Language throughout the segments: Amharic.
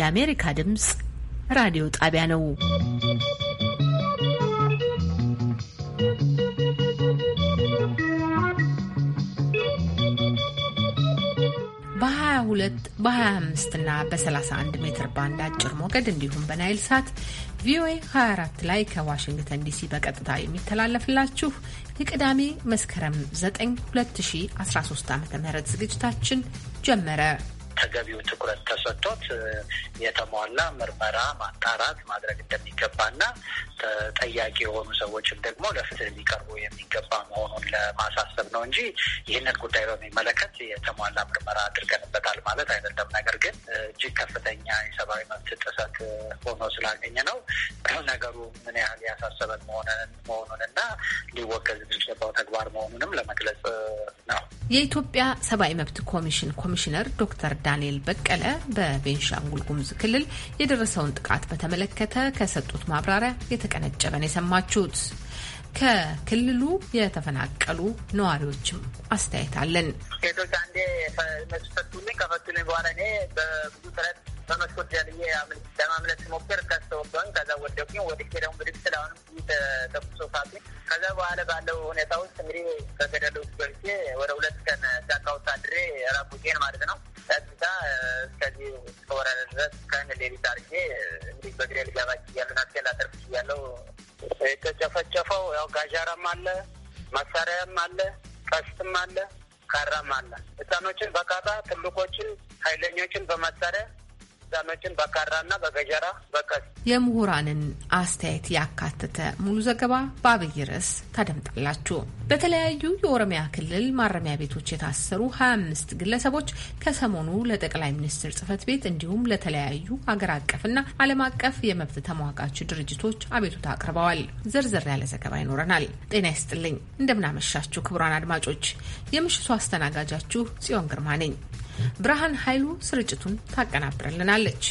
የአሜሪካ ድምፅ ራዲዮ ጣቢያ ነው። በ22 በ25 እና በ31 ሜትር ባንድ አጭር ሞገድ እንዲሁም በናይል ሳት ቪኦኤ 24 ላይ ከዋሽንግተን ዲሲ በቀጥታ የሚተላለፍላችሁ የቅዳሜ መስከረም 9 2013 ዓ ም ዝግጅታችን ጀመረ። ተገቢው ትኩረት ተሰጥቶት የተሟላ ምርመራ ማጣራት ማድረግ እንደሚገባና ተጠያቂ የሆኑ ሰዎችም ደግሞ ለፍትህ ሊቀርቡ የሚገባ መሆኑን ለማሳሰብ ነው እንጂ ይህንን ጉዳይ በሚመለከት የተሟላ ምርመራ አድርገንበታል ማለት አይደለም። ነገር ግን እጅግ ከፍተኛ የሰብአዊ መብት ጥሰት ሆኖ ስላገኘ ነው ነገሩ ምን ያህል ያሳሰበን መሆኑንና ሊወገዝ የሚገባው ተግባር መሆኑንም ለመግለጽ ነው። የኢትዮጵያ ሰብአዊ መብት ኮሚሽን ኮሚሽነር ዶክተር ዳንኤል በቀለ በቤንሻንጉል ጉሙዝ ክልል የደረሰውን ጥቃት በተመለከተ ከሰጡት ማብራሪያ የተቀነጨበን የሰማችሁት። ከክልሉ የተፈናቀሉ ነዋሪዎችም አስተያየት አለን። ሴቶች አንዴ እነሱ ፈቱልኝ። ከፈቱልኝ በኋላ እኔ በብዙ ጥረት በመስኮት ከስተወባኝ፣ ከዛ ወደኩኝ። ደግሞ ብድግ ተኩሶ ከዛ በኋላ ባለው ሁኔታ ውስጥ እንግዲህ ውስጥ ገብቼ ወደ ሁለት ቀን ጫካ ውስጥ አድሬ ማለት ነው እስከዚህ እስከወረደ ድረስ ሌሊት አድርጌ እንግዲህ በግሬ የተጨፈጨፈው ያው ጋዣራም አለ፣ መሳሪያም አለ፣ ቀስትም አለ፣ ካራም አለ። ህፃኖችን በካራ ትልቆችን ኃይለኞችን በመሳሪያ ህፃኖችን በካራና በገጀራ በቀስት የምሁራንን አስተያየት ያካተተ ሙሉ ዘገባ በአብይ ርዕስ ታደምጣላችሁ። በተለያዩ የኦሮሚያ ክልል ማረሚያ ቤቶች የታሰሩ 25 ግለሰቦች ከሰሞኑ ለጠቅላይ ሚኒስትር ጽህፈት ቤት እንዲሁም ለተለያዩ ሀገር አቀፍና ዓለም አቀፍ የመብት ተሟጋች ድርጅቶች አቤቱታ አቅርበዋል። ዝርዝር ያለ ዘገባ ይኖረናል። ጤና ይስጥልኝ፣ እንደምናመሻችሁ ክቡራን አድማጮች፣ የምሽቱ አስተናጋጃችሁ ጽዮን ግርማ ነኝ። ብርሃን ኃይሉ ስርጭቱን ታቀናብረልናለች።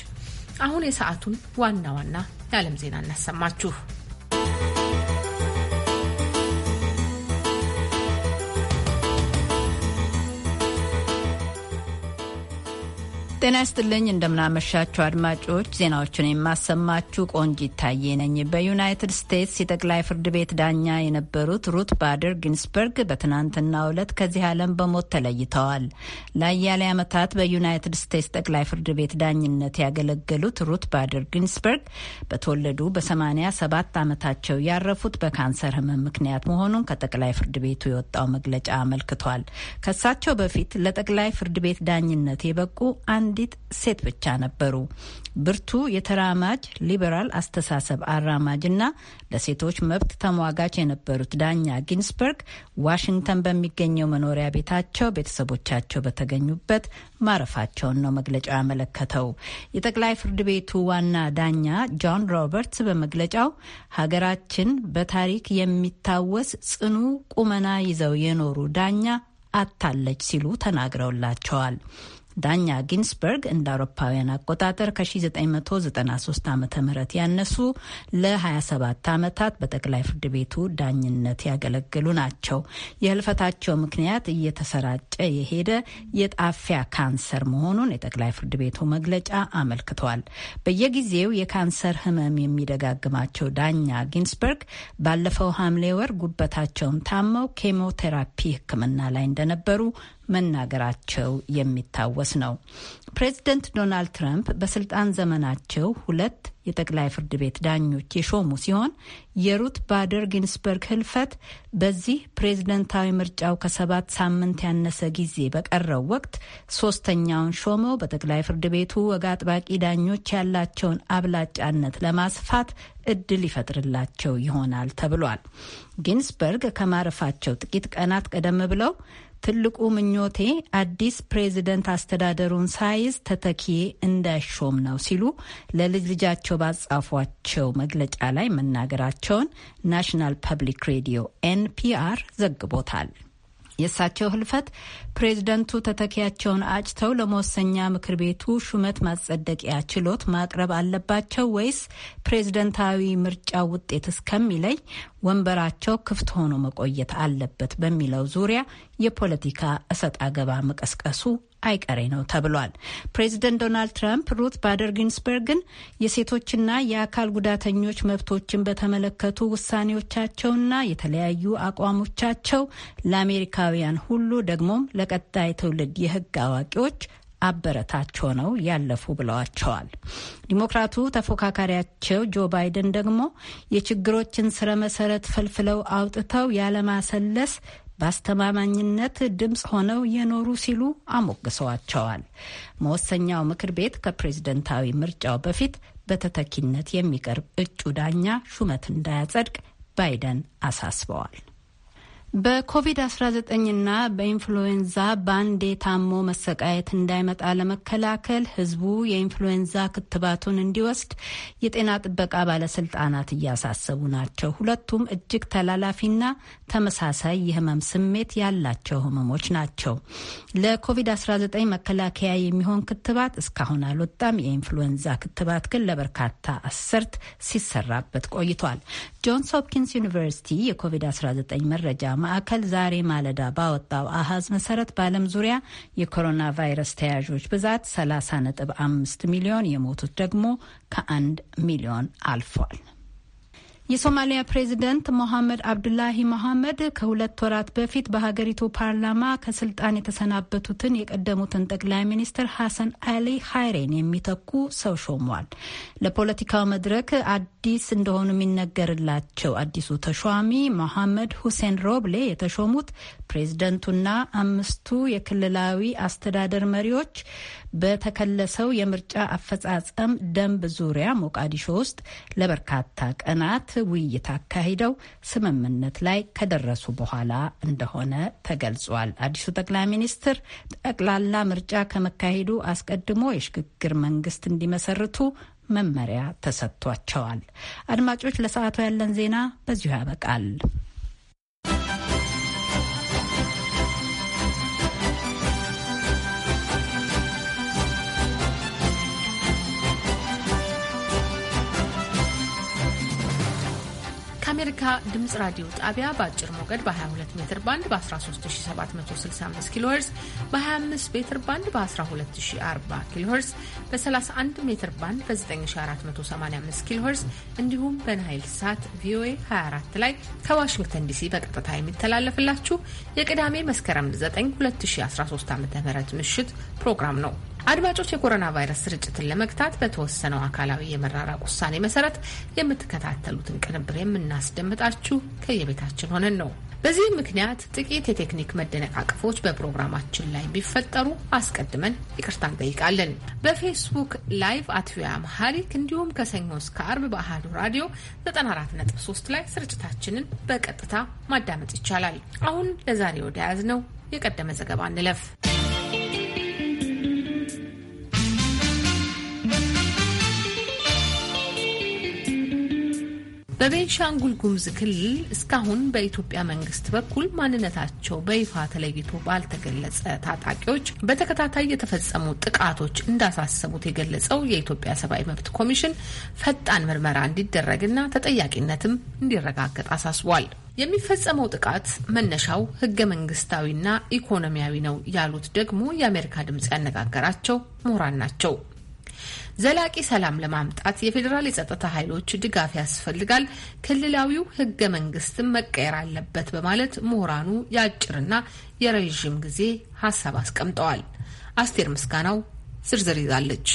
አሁን የሰዓቱን ዋና ዋና የዓለም ዜና እናሰማችሁ። ጤና ይስጥልኝ እንደምናመሻችሁ አድማጮች፣ ዜናዎቹን የማሰማችሁ ቆንጅ ይታዬ ነኝ። በዩናይትድ ስቴትስ የጠቅላይ ፍርድ ቤት ዳኛ የነበሩት ሩት ባደር ጊንስበርግ በትናንትናው ዕለት ከዚህ ዓለም በሞት ተለይተዋል። ለአያሌ ዓመታት በዩናይትድ ስቴትስ ጠቅላይ ፍርድ ቤት ዳኝነት ያገለገሉት ሩት ባደር ጊንስበርግ በተወለዱ በ87 ዓመታቸው ያረፉት በካንሰር ህመም ምክንያት መሆኑን ከጠቅላይ ፍርድ ቤቱ የወጣው መግለጫ አመልክቷል። ከሳቸው በፊት ለጠቅላይ ፍርድ ቤት ዳኝነት የበቁ አንድ አንዲት ሴት ብቻ ነበሩ። ብርቱ የተራማጅ ሊበራል አስተሳሰብ አራማጅና ለሴቶች መብት ተሟጋች የነበሩት ዳኛ ጊንስበርግ ዋሽንግተን በሚገኘው መኖሪያ ቤታቸው ቤተሰቦቻቸው በተገኙበት ማረፋቸውን ነው መግለጫው ያመለከተው። የጠቅላይ ፍርድ ቤቱ ዋና ዳኛ ጆን ሮበርትስ በመግለጫው ሀገራችን በታሪክ የሚታወስ ጽኑ ቁመና ይዘው የኖሩ ዳኛ አታለች ሲሉ ተናግረውላቸዋል። ዳኛ ጊንስበርግ እንደ አውሮፓውያን አቆጣጠር ከ1993 ዓ ም ያነሱ ለ27 ዓመታት በጠቅላይ ፍርድ ቤቱ ዳኝነት ያገለግሉ ናቸው። የህልፈታቸው ምክንያት እየተሰራጨ የሄደ የጣፊያ ካንሰር መሆኑን የጠቅላይ ፍርድ ቤቱ መግለጫ አመልክቷል። በየጊዜው የካንሰር ህመም የሚደጋግማቸው ዳኛ ጊንስበርግ ባለፈው ሐምሌ ወር ጉበታቸውን ታመው ኬሞቴራፒ ህክምና ላይ እንደነበሩ መናገራቸው የሚታወስ ነው። ፕሬዚደንት ዶናልድ ትራምፕ በስልጣን ዘመናቸው ሁለት የጠቅላይ ፍርድ ቤት ዳኞች የሾሙ ሲሆን የሩት ባደር ጊንስበርግ ህልፈት በዚህ ፕሬዝደንታዊ ምርጫው ከሰባት ሳምንት ያነሰ ጊዜ በቀረው ወቅት ሶስተኛውን ሾመው በጠቅላይ ፍርድ ቤቱ ወግ አጥባቂ ዳኞች ያላቸውን አብላጫነት ለማስፋት እድል ይፈጥርላቸው ይሆናል ተብሏል። ጊንስበርግ ከማረፋቸው ጥቂት ቀናት ቀደም ብለው ትልቁ ምኞቴ አዲስ ፕሬዚደንት አስተዳደሩን ሳይዝ ተተኪዬ እንዳይሾም ነው ሲሉ ለልጅ ልጃቸው ባጻፏቸው መግለጫ ላይ መናገራቸውን ናሽናል ፐብሊክ ሬዲዮ ኤንፒአር ዘግቦታል። የእሳቸው ህልፈት ፕሬዝደንቱ ተተኪያቸውን አጭተው ለመወሰኛ ምክር ቤቱ ሹመት ማጸደቂያ ችሎት ማቅረብ አለባቸው ወይስ ፕሬዝደንታዊ ምርጫ ውጤት እስከሚለይ ወንበራቸው ክፍት ሆኖ መቆየት አለበት በሚለው ዙሪያ የፖለቲካ እሰጥ አገባ መቀስቀሱ አይቀሬ ነው ተብሏል። ፕሬዚደንት ዶናልድ ትራምፕ ሩት ባደር ጊንስበርግን የሴቶችና የአካል ጉዳተኞች መብቶችን በተመለከቱ ውሳኔዎቻቸውና የተለያዩ አቋሞቻቸው ለአሜሪካውያን ሁሉ ደግሞም ለቀጣይ ትውልድ የህግ አዋቂዎች አበረታቸው ሆነው ያለፉ ብለዋቸዋል። ዲሞክራቱ ተፎካካሪያቸው ጆ ባይደን ደግሞ የችግሮችን ስረ መሰረት ፈልፍለው አውጥተው ያለማሰለስ በአስተማማኝነት ድምፅ ሆነው የኖሩ ሲሉ አሞግሰዋቸዋል። መወሰኛው ምክር ቤት ከፕሬዝደንታዊ ምርጫው በፊት በተተኪነት የሚቀርብ እጩ ዳኛ ሹመት እንዳያጸድቅ ባይደን አሳስበዋል። በኮቪድ-19ና በኢንፍሉዌንዛ ባንዴ ታሞ መሰቃየት እንዳይመጣ ለመከላከል ህዝቡ የኢንፍሉዌንዛ ክትባቱን እንዲወስድ የጤና ጥበቃ ባለስልጣናት እያሳሰቡ ናቸው። ሁለቱም እጅግ ተላላፊና ተመሳሳይ የህመም ስሜት ያላቸው ህመሞች ናቸው። ለኮቪድ-19 መከላከያ የሚሆን ክትባት እስካሁን አልወጣም። የኢንፍሉዌንዛ ክትባት ግን ለበርካታ አስርት ሲሰራበት ቆይቷል። ጆንስ ሆፕኪንስ ዩኒቨርሲቲ የኮቪድ-19 መረጃ ማዕከል ዛሬ ማለዳ ባወጣው አሃዝ መሰረት በዓለም ዙሪያ የኮሮና ቫይረስ ተያዦች ብዛት 30 5 ሚሊዮን የሞቱት ደግሞ ከአንድ ሚሊዮን አልፏል። የሶማሊያ ፕሬዚደንት ሞሐመድ አብዱላሂ መሐመድ ከሁለት ወራት በፊት በሀገሪቱ ፓርላማ ከስልጣን የተሰናበቱትን የቀደሙትን ጠቅላይ ሚኒስትር ሐሰን አሊ ሀይሬን የሚተኩ ሰው ሾሟል። ለፖለቲካው መድረክ አዲስ እንደሆኑ የሚነገርላቸው አዲሱ ተሿሚ ሞሐመድ ሁሴን ሮብሌ የተሾሙት ፕሬዝደንቱና አምስቱ የክልላዊ አስተዳደር መሪዎች በተከለሰው የምርጫ አፈጻጸም ደንብ ዙሪያ ሞቃዲሾ ውስጥ ለበርካታ ቀናት ውይይት አካሂደው ስምምነት ላይ ከደረሱ በኋላ እንደሆነ ተገልጿል። አዲሱ ጠቅላይ ሚኒስትር ጠቅላላ ምርጫ ከመካሄዱ አስቀድሞ የሽግግር መንግስት እንዲመሰርቱ መመሪያ ተሰጥቷቸዋል። አድማጮች፣ ለሰዓቱ ያለን ዜና በዚሁ ያበቃል። የአሜሪካ ድምፅ ራዲዮ ጣቢያ በአጭር ሞገድ በ22 ሜትር ባንድ በ13765 ኪሎ ሄርዝ በ25 ሜትር ባንድ በ1240 ኪሎ ሄርዝ በ31 ሜትር ባንድ በ9485 ኪሎ ሄርዝ እንዲሁም በናይል ሳት ቪኦኤ 24 ላይ ከዋሽንግተን ዲሲ በቀጥታ የሚተላለፍላችሁ የቅዳሜ መስከረም 9 2013 ዓ.ም ምሽት ፕሮግራም ነው። አድማጮች የኮሮና ቫይረስ ስርጭትን ለመግታት በተወሰነው አካላዊ የመራራቅ ውሳኔ መሰረት የምትከታተሉትን ቅንብር የምናስደምጣችሁ ከየቤታችን ሆነን ነው። በዚህ ምክንያት ጥቂት የቴክኒክ መደነቃቀፎች በፕሮግራማችን ላይ ቢፈጠሩ አስቀድመን ይቅርታ እንጠይቃለን። በፌስቡክ ላይቭ አት ቪኦኤ አምሃሪክ እንዲሁም ከሰኞ እስከ አርብ በአህዱ ራዲዮ 94.3 ላይ ስርጭታችንን በቀጥታ ማዳመጥ ይቻላል። አሁን ለዛሬ ወደ ነው የቀደመ ዘገባ እንለፍ። በቤንሻንጉል ጉሙዝ ክልል እስካሁን በኢትዮጵያ መንግስት በኩል ማንነታቸው በይፋ ተለይቶ ባልተገለጸ ታጣቂዎች በተከታታይ የተፈጸሙ ጥቃቶች እንዳሳሰቡት የገለጸው የኢትዮጵያ ሰብአዊ መብት ኮሚሽን ፈጣን ምርመራ እንዲደረግና ተጠያቂነትም እንዲረጋገጥ አሳስቧል። የሚፈጸመው ጥቃት መነሻው ህገ መንግስታዊና ኢኮኖሚያዊ ነው ያሉት ደግሞ የአሜሪካ ድምጽ ያነጋገራቸው ምሁራን ናቸው። ዘላቂ ሰላም ለማምጣት የፌዴራል የጸጥታ ኃይሎች ድጋፍ ያስፈልጋል፣ ክልላዊው ህገ መንግስትም መቀየር አለበት በማለት ምሁራኑ የአጭርና የረዥም ጊዜ ሀሳብ አስቀምጠዋል። አስቴር ምስጋናው ዝርዝር ይዛለች።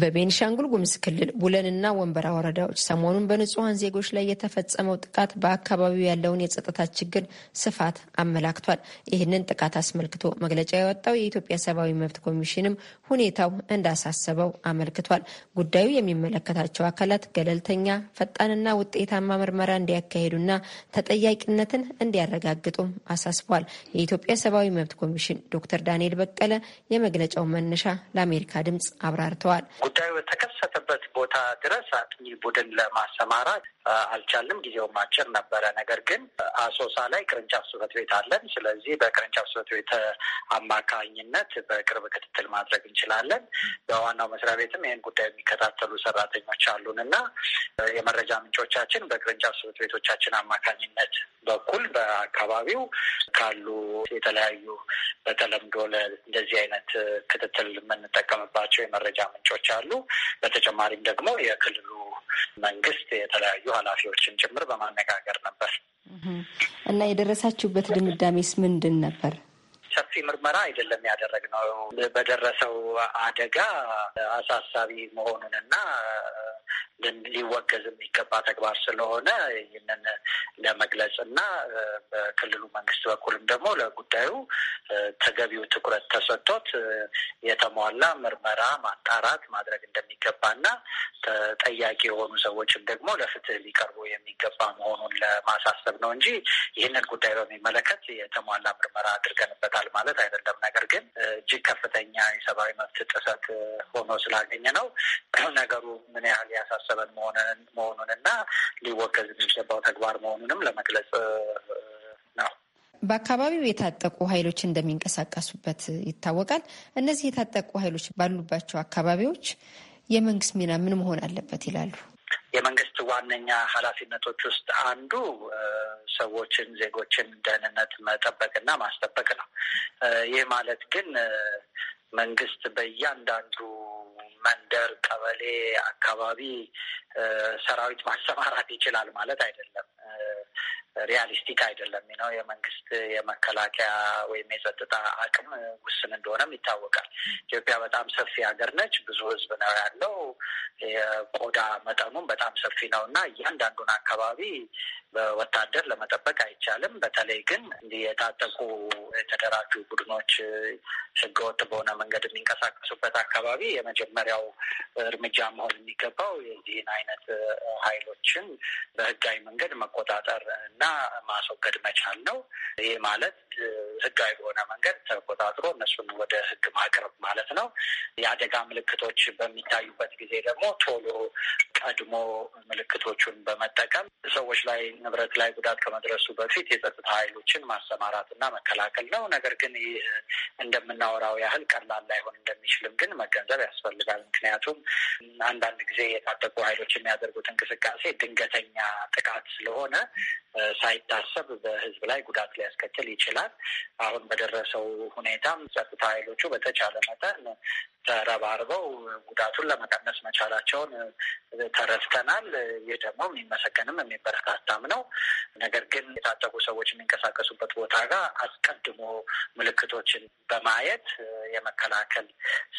በቤኒሻንጉል ጉምዝ ክልል ቡለንና ወንበራ ወረዳዎች ሰሞኑን በንጹሐን ዜጎች ላይ የተፈጸመው ጥቃት በአካባቢው ያለውን የጸጥታ ችግር ስፋት አመላክቷል። ይህንን ጥቃት አስመልክቶ መግለጫ የወጣው የኢትዮጵያ ሰብአዊ መብት ኮሚሽንም ሁኔታው እንዳሳሰበው አመልክቷል። ጉዳዩ የሚመለከታቸው አካላት ገለልተኛ፣ ፈጣንና ውጤታማ ምርመራ እንዲያካሂዱና ተጠያቂነትን እንዲያረጋግጡም አሳስቧል። የኢትዮጵያ ሰብአዊ መብት ኮሚሽን ዶክተር ዳንኤል በቀለ የመግለጫው መነሻ ለአሜሪካ ድምጽ አብራርተዋል። ጉዳዩ የተከሰተበት ቦታ ድረስ አጥኚ ቡድን ለማሰማራት አልቻልም። ጊዜውም አጭር ነበረ። ነገር ግን አሶሳ ላይ ቅርንጫፍ ጽሕፈት ቤት አለን። ስለዚህ በቅርንጫፍ ጽሕፈት ቤት አማካኝነት በቅርብ ክትትል ማድረግ እንችላለን። በዋናው መስሪያ ቤትም ይህን ጉዳይ የሚከታተሉ ሰራተኞች አሉን እና የመረጃ ምንጮቻችን በቅርንጫፍ ጽሕፈት ቤቶቻችን አማካኝነት በኩል በአካባቢው ካሉ የተለያዩ በተለምዶ እንደዚህ አይነት ክትትል የምንጠቀምባቸው የመረጃ ምንጮች አሉ። በተጨማሪም ደግሞ የክልሉ መንግስት የተለያዩ ኃላፊዎችን ጭምር በማነጋገር ነበር እና የደረሳችሁበት ድምዳሜስ ምንድን ነበር? ሰፊ ምርመራ አይደለም ያደረግነው። በደረሰው አደጋ አሳሳቢ መሆኑንና ሊወገዝ የሚገባ ተግባር ስለሆነ ይህንን ለመግለጽ እና በክልሉ መንግስት በኩልም ደግሞ ለጉዳዩ ተገቢው ትኩረት ተሰጥቶት የተሟላ ምርመራ ማጣራት ማድረግ እንደሚገባና ተጠያቂ የሆኑ ሰዎችም ደግሞ ለፍትህ ሊቀርቡ የሚገባ መሆኑን ለማሳሰብ ነው እንጂ ይህንን ጉዳይ በሚመለከት የተሟላ ምርመራ አድርገንበታል ይኖራል ማለት አይደለም። ነገር ግን እጅግ ከፍተኛ የሰብአዊ መብት ጥሰት ሆኖ ስላገኘ ነው ነገሩ ምን ያህል ያሳሰበን መሆኑን እና ሊወገዝ የሚገባው ተግባር መሆኑንም ለመግለጽ ነው። በአካባቢው የታጠቁ ኃይሎች እንደሚንቀሳቀሱበት ይታወቃል። እነዚህ የታጠቁ ኃይሎች ባሉባቸው አካባቢዎች የመንግስት ሚና ምን መሆን አለበት ይላሉ? የመንግስት ዋነኛ ኃላፊነቶች ውስጥ አንዱ ሰዎችን፣ ዜጎችን ደህንነት መጠበቅና ማስጠበቅ ነው። ይህ ማለት ግን መንግስት በእያንዳንዱ መንደር፣ ቀበሌ፣ አካባቢ ሰራዊት ማሰማራት ይችላል ማለት አይደለም። ሪያሊስቲክ አይደለም ነው። የመንግስት የመከላከያ ወይም የጸጥታ አቅም ውስን እንደሆነም ይታወቃል። ኢትዮጵያ በጣም ሰፊ ሀገር ነች። ብዙ ህዝብ ነው ያለው። የቆዳ መጠኑም በጣም ሰፊ ነው እና እያንዳንዱን አካባቢ በወታደር ለመጠበቅ አይቻልም። በተለይ ግን እንዲህ የታጠቁ የተደራጁ ቡድኖች ህገወጥ በሆነ መንገድ የሚንቀሳቀሱበት አካባቢ የመጀመሪያው እርምጃ መሆን የሚገባው የዚህን አይነት ሀይሎችን በህጋዊ መንገድ መቆጣጠር እና ማስወገድ መቻል ነው። ይህ ማለት ህጋዊ በሆነ መንገድ ተቆጣጥሮ እነሱን ወደ ህግ ማቅረብ ማለት ነው። የአደጋ ምልክቶች በሚታዩበት ጊዜ ደግሞ ቶሎ ቀድሞ ምልክቶቹን በመጠቀም ሰዎች ላይ ንብረት ላይ ጉዳት ከመድረሱ በፊት የጸጥታ ኃይሎችን ማሰማራት እና መከላከል ነው። ነገር ግን ይህ እንደምናወራው ያህል ቀላል ላይሆን እንደሚችልም ግን መገንዘብ ያስፈልጋል። ምክንያቱም አንዳንድ ጊዜ የታጠቁ ኃይሎች የሚያደርጉት እንቅስቃሴ ድንገተኛ ጥቃት ስለሆነ ሳይታሰብ በህዝብ ላይ ጉዳት ሊያስከትል ይችላል። አሁን በደረሰው ሁኔታም ጸጥታ ኃይሎቹ በተቻለ መጠን ተረባርበው ጉዳቱን ለመቀነስ መቻላቸውን ተረድተናል። ይህ ደግሞ የሚመሰገንም የሚበረታታም ነው። ነገር ግን የታጠቁ ሰዎች የሚንቀሳቀሱበት ቦታ ጋር አስቀድሞ ምልክቶችን በማየት የመከላከል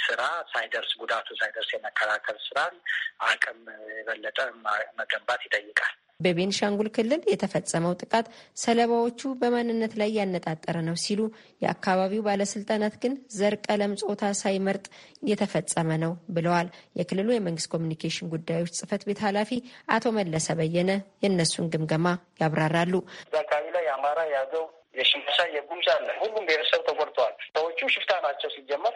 ስራ ሳይደርስ ጉዳቱ ሳይደርስ የመከላከል ስራን አቅም የበለጠ መገንባት ይጠይቃል። በቤንሻንጉል ክልል የተፈጸመው ጥቃት ሰለባዎቹ በማንነት ላይ ያነጣጠረ ነው ሲሉ፣ የአካባቢው ባለስልጣናት ግን ዘር፣ ቀለም፣ ጾታ ሳይመርጥ የተፈጸመ ነው ብለዋል። የክልሉ የመንግስት ኮሚኒኬሽን ጉዳዮች ጽህፈት ቤት ኃላፊ አቶ መለሰ በየነ የእነሱን ግምገማ ያብራራሉ። አካባቢ ላይ የአማራ፣ የአገው፣ የሽመሳ፣ የጉምዝ አለ። ሁሉም ብሔረሰብ ተጎድተዋል። ሰዎቹ ሽፍታ ናቸው ሲጀመር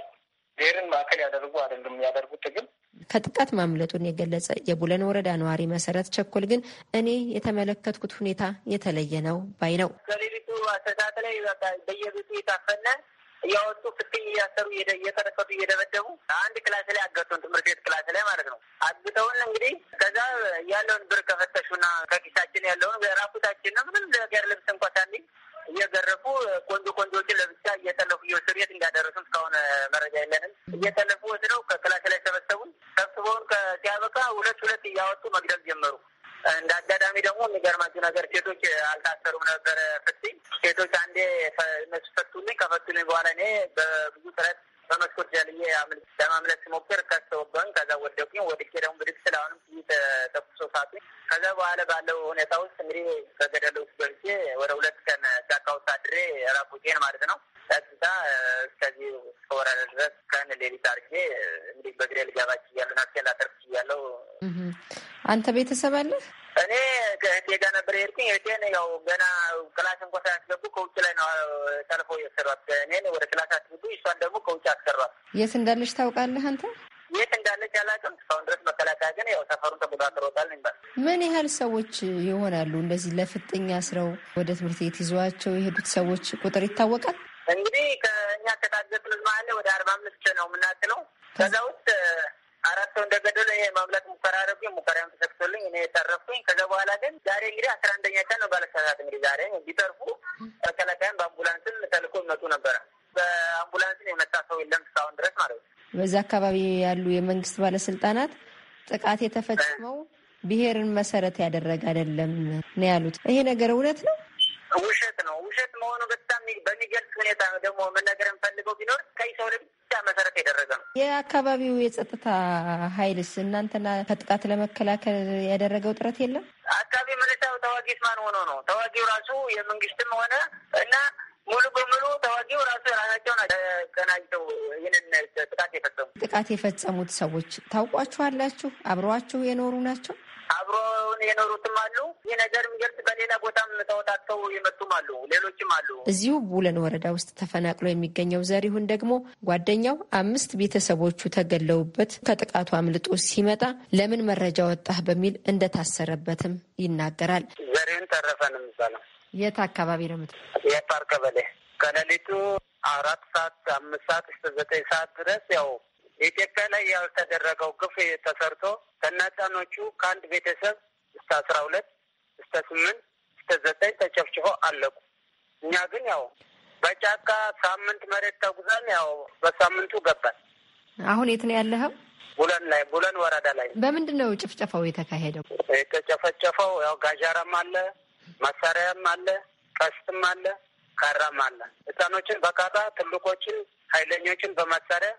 ብሔርን ማዕከል ያደርጉ አይደሉም ያደርጉት ትግል ከጥቃት ማምለጡን የገለጸ የቡለን ወረዳ ነዋሪ መሰረት ቸኮል ግን እኔ የተመለከትኩት ሁኔታ የተለየ ነው ባይ ነው። ከሌሊቱ አስተታት ላይ በየቤቱ የታፈነ እያወጡ ፍትህ እያሰሩ እየተረከቱ እየደበደቡ አንድ ክላስ ላይ አገቱን። ትምህርት ቤት ክላስ ላይ ማለት ነው። አግተውን እንግዲህ ከዛ ያለውን ብር ከፈተሹና ከኪሳችን ያለውን ራቁታችን ነው ምንም ነገር ልብስ እንኳ ሳኒ እየገረፉ ቆንጆ ቆንጆዎችን ለብቻ እየጠለፉ እየወሰዱ የት እንዳደረሱ እስካሁን መረጃ የለንም። እየጠለፉ ወስደው ከክላስ ላይ ሰበሰቡን። ሰብስበውን ሲያበቃ ሁለት ሁለት እያወጡ መግደል ጀመሩ። እንደ አጋጣሚ ደግሞ የሚገርማችሁ ነገር ሴቶች አልታሰሩም ነበረ። ፍትኝ ሴቶች አንዴ እነሱ ፈቱልኝ። ከፈቱልኝ በኋላ እኔ በብዙ ጥረት በመስኮት ጃልዬ ለማምለጥ ስሞክር ከሰወበን ከዛ ወደኩኝ ወድቄ ደግሞ ብድግ ስል አሁንም ጥይት ተኩሶ ሳቱኝ። ከዛ በኋላ ባለው ሁኔታ ውስጥ እንግዲህ በገደል ውስጥ ገብቼ ወደ ሁለት ቀን ጫካ ውስጥ አድሬ ራቁቴን ማለት ነው ቀጥታ እስከዚህ ወረዳ ድረስ ቀን ሌሊት አድርጌ እንግዲህ በግሬ ልገባ ችያለሁ። ናስኬላ ተርፍ እያለው አንተ ቤተሰብ አለህ? እኔ ከእህቴ ጋር ነበር የሄድኩኝ። እህቴን ያው ገና ክላስ እንኳን ሳያስገቡ ከውጭ ላይ ነው ሰልፈው የሰሯት። እኔን ወደ ክላስ አስገቡ፣ እሷን ደግሞ ከውጭ አሰሯት። የት እንዳለች ታውቃለህ አንተ? የት እንዳለች አላውቅም እስካሁን ድረስ። መከላከያ ግን ያው ሰፈሩን ተቆጣጥሮታል ይባል። ምን ያህል ሰዎች ይሆናሉ እንደዚህ ለፍጥኝ አስረው ወደ ትምህርት ቤት ይዘዋቸው የሄዱት ሰዎች ቁጥር ይታወቃል? እንግዲህ ከእኛ ከታገቱት መሀል ወደ አርባ አምስት ነው የምናክለው ከዛ ውስጥ አራት ሰው እንደገደሉ ይሄ ማምለጥ ሙከራ አደረጉኝ። ሙከራም ተሰክቶልኝ እኔ የተረፍኩኝ። ከዛ በኋላ ግን ዛሬ እንግዲህ አስራ አንደኛ ቀን ነው ባለሰራት እንግዲህ ዛሬ እንዲጠርፉ መከላከያም በአምቡላንስም ተልኮ ይመጡ ነበረ። በአምቡላንስን የመጣ ሰው የለም እስካሁን ድረስ ማለት ነው። በዛ አካባቢ ያሉ የመንግስት ባለስልጣናት ጥቃት የተፈጸመው ብሔርን መሰረት ያደረገ አይደለም ነው ያሉት። ይሄ ነገር እውነት ነው ውሸት ነው? ውሸት መሆኑ ብቻ በሚገልጽ ሁኔታ ደግሞ መናገር የምፈልገው ቢኖር ከይሰው ሰው ብቻ መሰረት የደረገ ነው። የአካባቢው የጸጥታ ኃይልስ እናንተና ከጥቃት ለመከላከል ያደረገው ጥረት የለም። አካባቢ ምልታው ተዋጊ ስማን ሆኖ ነው። ተዋጊው ራሱ የመንግስትም ሆነ እና ሙሉ በሙሉ ተዋጊው ራሱ የራሳቸውን ተቀናጅተው ይህንን ጥቃት የፈጸሙ ጥቃት የፈጸሙት ሰዎች ታውቋችኋላችሁ? አብረዋችሁ የኖሩ ናቸው? አብሮን የኖሩትም አሉ። ይህ ነገር የሚገልጽ በሌላ ቦታም ተወጣጥተው የመጡም አሉ፣ ሌሎችም አሉ። እዚሁ ቡለን ወረዳ ውስጥ ተፈናቅሎ የሚገኘው ዘሪሁን ደግሞ ጓደኛው አምስት ቤተሰቦቹ ተገለውበት ከጥቃቱ አምልጦ ሲመጣ ለምን መረጃ ወጣህ በሚል እንደታሰረበትም ይናገራል። ዘሪሁን ተረፈን ነው የሚባለው። የት አካባቢ ነው ምት የፓር ቀበሌ ከሌሊቱ አራት ሰዓት አምስት ሰዓት እስከ ዘጠኝ ሰዓት ድረስ ያው ኢትዮጵያ ላይ ያልተደረገው ግፍ ተሰርቶ ከነህፃኖቹ ከአንድ ቤተሰብ እስከ አስራ ሁለት እስከ ስምንት እስከ ዘጠኝ ተጨፍጭፎ አለቁ። እኛ ግን ያው በጫካ ሳምንት መሬት ተጉዘን ያው በሳምንቱ ገባል። አሁን የት ነው ያለኸው? ቡለን ላይ ቡለን ወረዳ ላይ። በምንድን ነው ጭፍጨፋው የተካሄደው? የተጨፈጨፈው ያው ጋዣራም አለ፣ መሳሪያም አለ፣ ቀስትም አለ፣ ካራም አለ። ህፃኖችን በካራ ትልቆችን ኃይለኞችን በመሳሪያ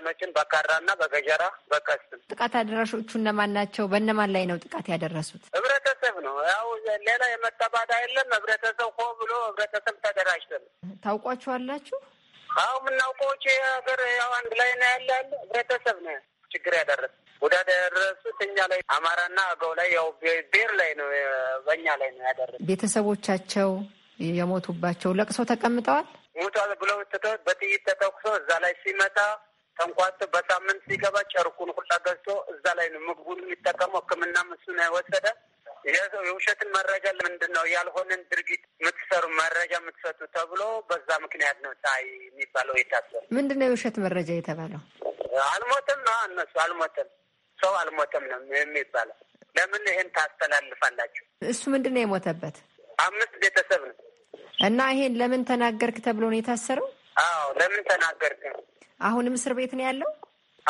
በካራ በካራና በገጀራ በቀስም ጥቃት አደራሾቹ እነማን ናቸው? በእነማን ላይ ነው ጥቃት ያደረሱት? ህብረተሰብ ነው። ያው ሌላ የመጠባዳ የለም። ህብረተሰብ ሆ ብሎ ህብረተሰብ ተደራጅተን ታውቋችኋላችሁ? አሁ የምናውቀዎች ሀገር ያው አንድ ላይ ነው ያለ ያለ ህብረተሰብ ነው ችግር ያደረስ ጉዳት ያደረሱት እኛ ላይ አማራና አገው ላይ ያው ብሔር ላይ ነው በእኛ ላይ ነው ያደረስ። ቤተሰቦቻቸው የሞቱባቸው ለቅሶ ተቀምጠዋል። ሙቷል ብለው ትተውት በጥይት ተተኩሶ እዛ ላይ ሲመጣ ተንኳቶ በሳምንት ሲገባ ጨርቁን ሁላ ገዝቶ እዛ ላይ ነው ምግቡን የሚጠቀመው። ሕክምና እሱ የወሰደ። የውሸትን መረጃ ለምንድን ነው ያልሆነን ድርጊት የምትሰሩ መረጃ የምትሰጡ ተብሎ በዛ ምክንያት ነው ታይ የሚባለው የታሰሩ። ምንድን ነው የውሸት መረጃ የተባለው? አልሞተም ነው እነሱ አልሞተም፣ ሰው አልሞተም ነው የሚባለው። ለምን ይሄን ታስተላልፋላችሁ? እሱ ምንድን ነው የሞተበት? አምስት ቤተሰብ ነው እና ይሄን ለምን ተናገርክ ተብሎ ነው የታሰረው። አዎ ለምን ተናገርክ ነው አሁንም እስር ቤት ነው ያለው?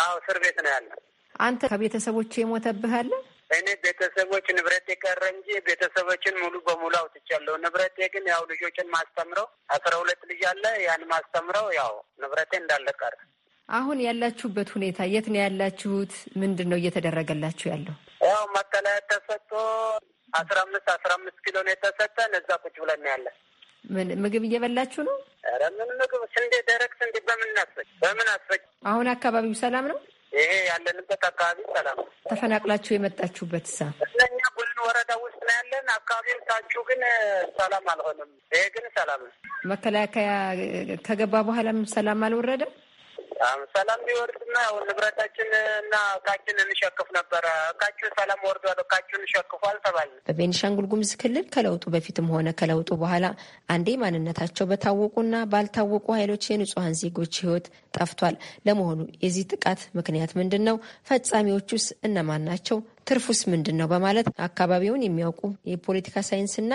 አዎ እስር ቤት ነው ያለው። አንተ ከቤተሰቦች የሞተብህ አለ? እኔ ቤተሰቦች ንብረት የቀረ እንጂ ቤተሰቦችን ሙሉ በሙሉ አውጥቻለሁ። ንብረቴ ግን ያው ልጆችን ማስተምረው አስራ ሁለት ልጅ አለ ያን ማስተምረው ያው ንብረቴ እንዳለ ቀረ። አሁን ያላችሁበት ሁኔታ የት ነው ያላችሁት? ምንድን ነው እየተደረገላችሁ ያለው? ያው መጠለያ ተሰጥቶ አስራ አምስት አስራ አምስት ኪሎ ነው የተሰጠን። እዛ ቁጭ ብለን ያለን ምን ምግብ እየበላችሁ ነው? ኧረ ምን ምግብ ስንዴ፣ ደረቅ ስንዴ በምን አስፈጭ በምን አስፈጭ። አሁን አካባቢው ሰላም ነው? ይሄ ያለንበት አካባቢ ሰላም ነው። ተፈናቅላችሁ የመጣችሁበት ሳ እነኛ ጎልን ወረዳ ውስጥ ነው ያለን። አካባቢው ታችሁ ግን ሰላም አልሆነም። ይሄ ግን ሰላም ነው። መከላከያ ከገባ በኋላም ሰላም አልወረደም። ሰላም ቢወርድና ንብረታችን እና እቃችን እንሸክፍ ነበረ። እቃችን ሰላም ወርዷል፣ እቃችን እንሸክፉ አልተባልን። በቤኒሻንጉል ጉምዝ ክልል ከለውጡ በፊትም ሆነ ከለውጡ በኋላ አንዴ ማንነታቸው በታወቁና ባልታወቁ ኃይሎች የንጹሐን ዜጎች ህይወት ጠፍቷል። ለመሆኑ የዚህ ጥቃት ምክንያት ምንድን ነው? ፈጻሚዎቹስ እነማን ናቸው? ትርፉስ ምንድን ነው? በማለት አካባቢውን የሚያውቁ የፖለቲካ ሳይንስና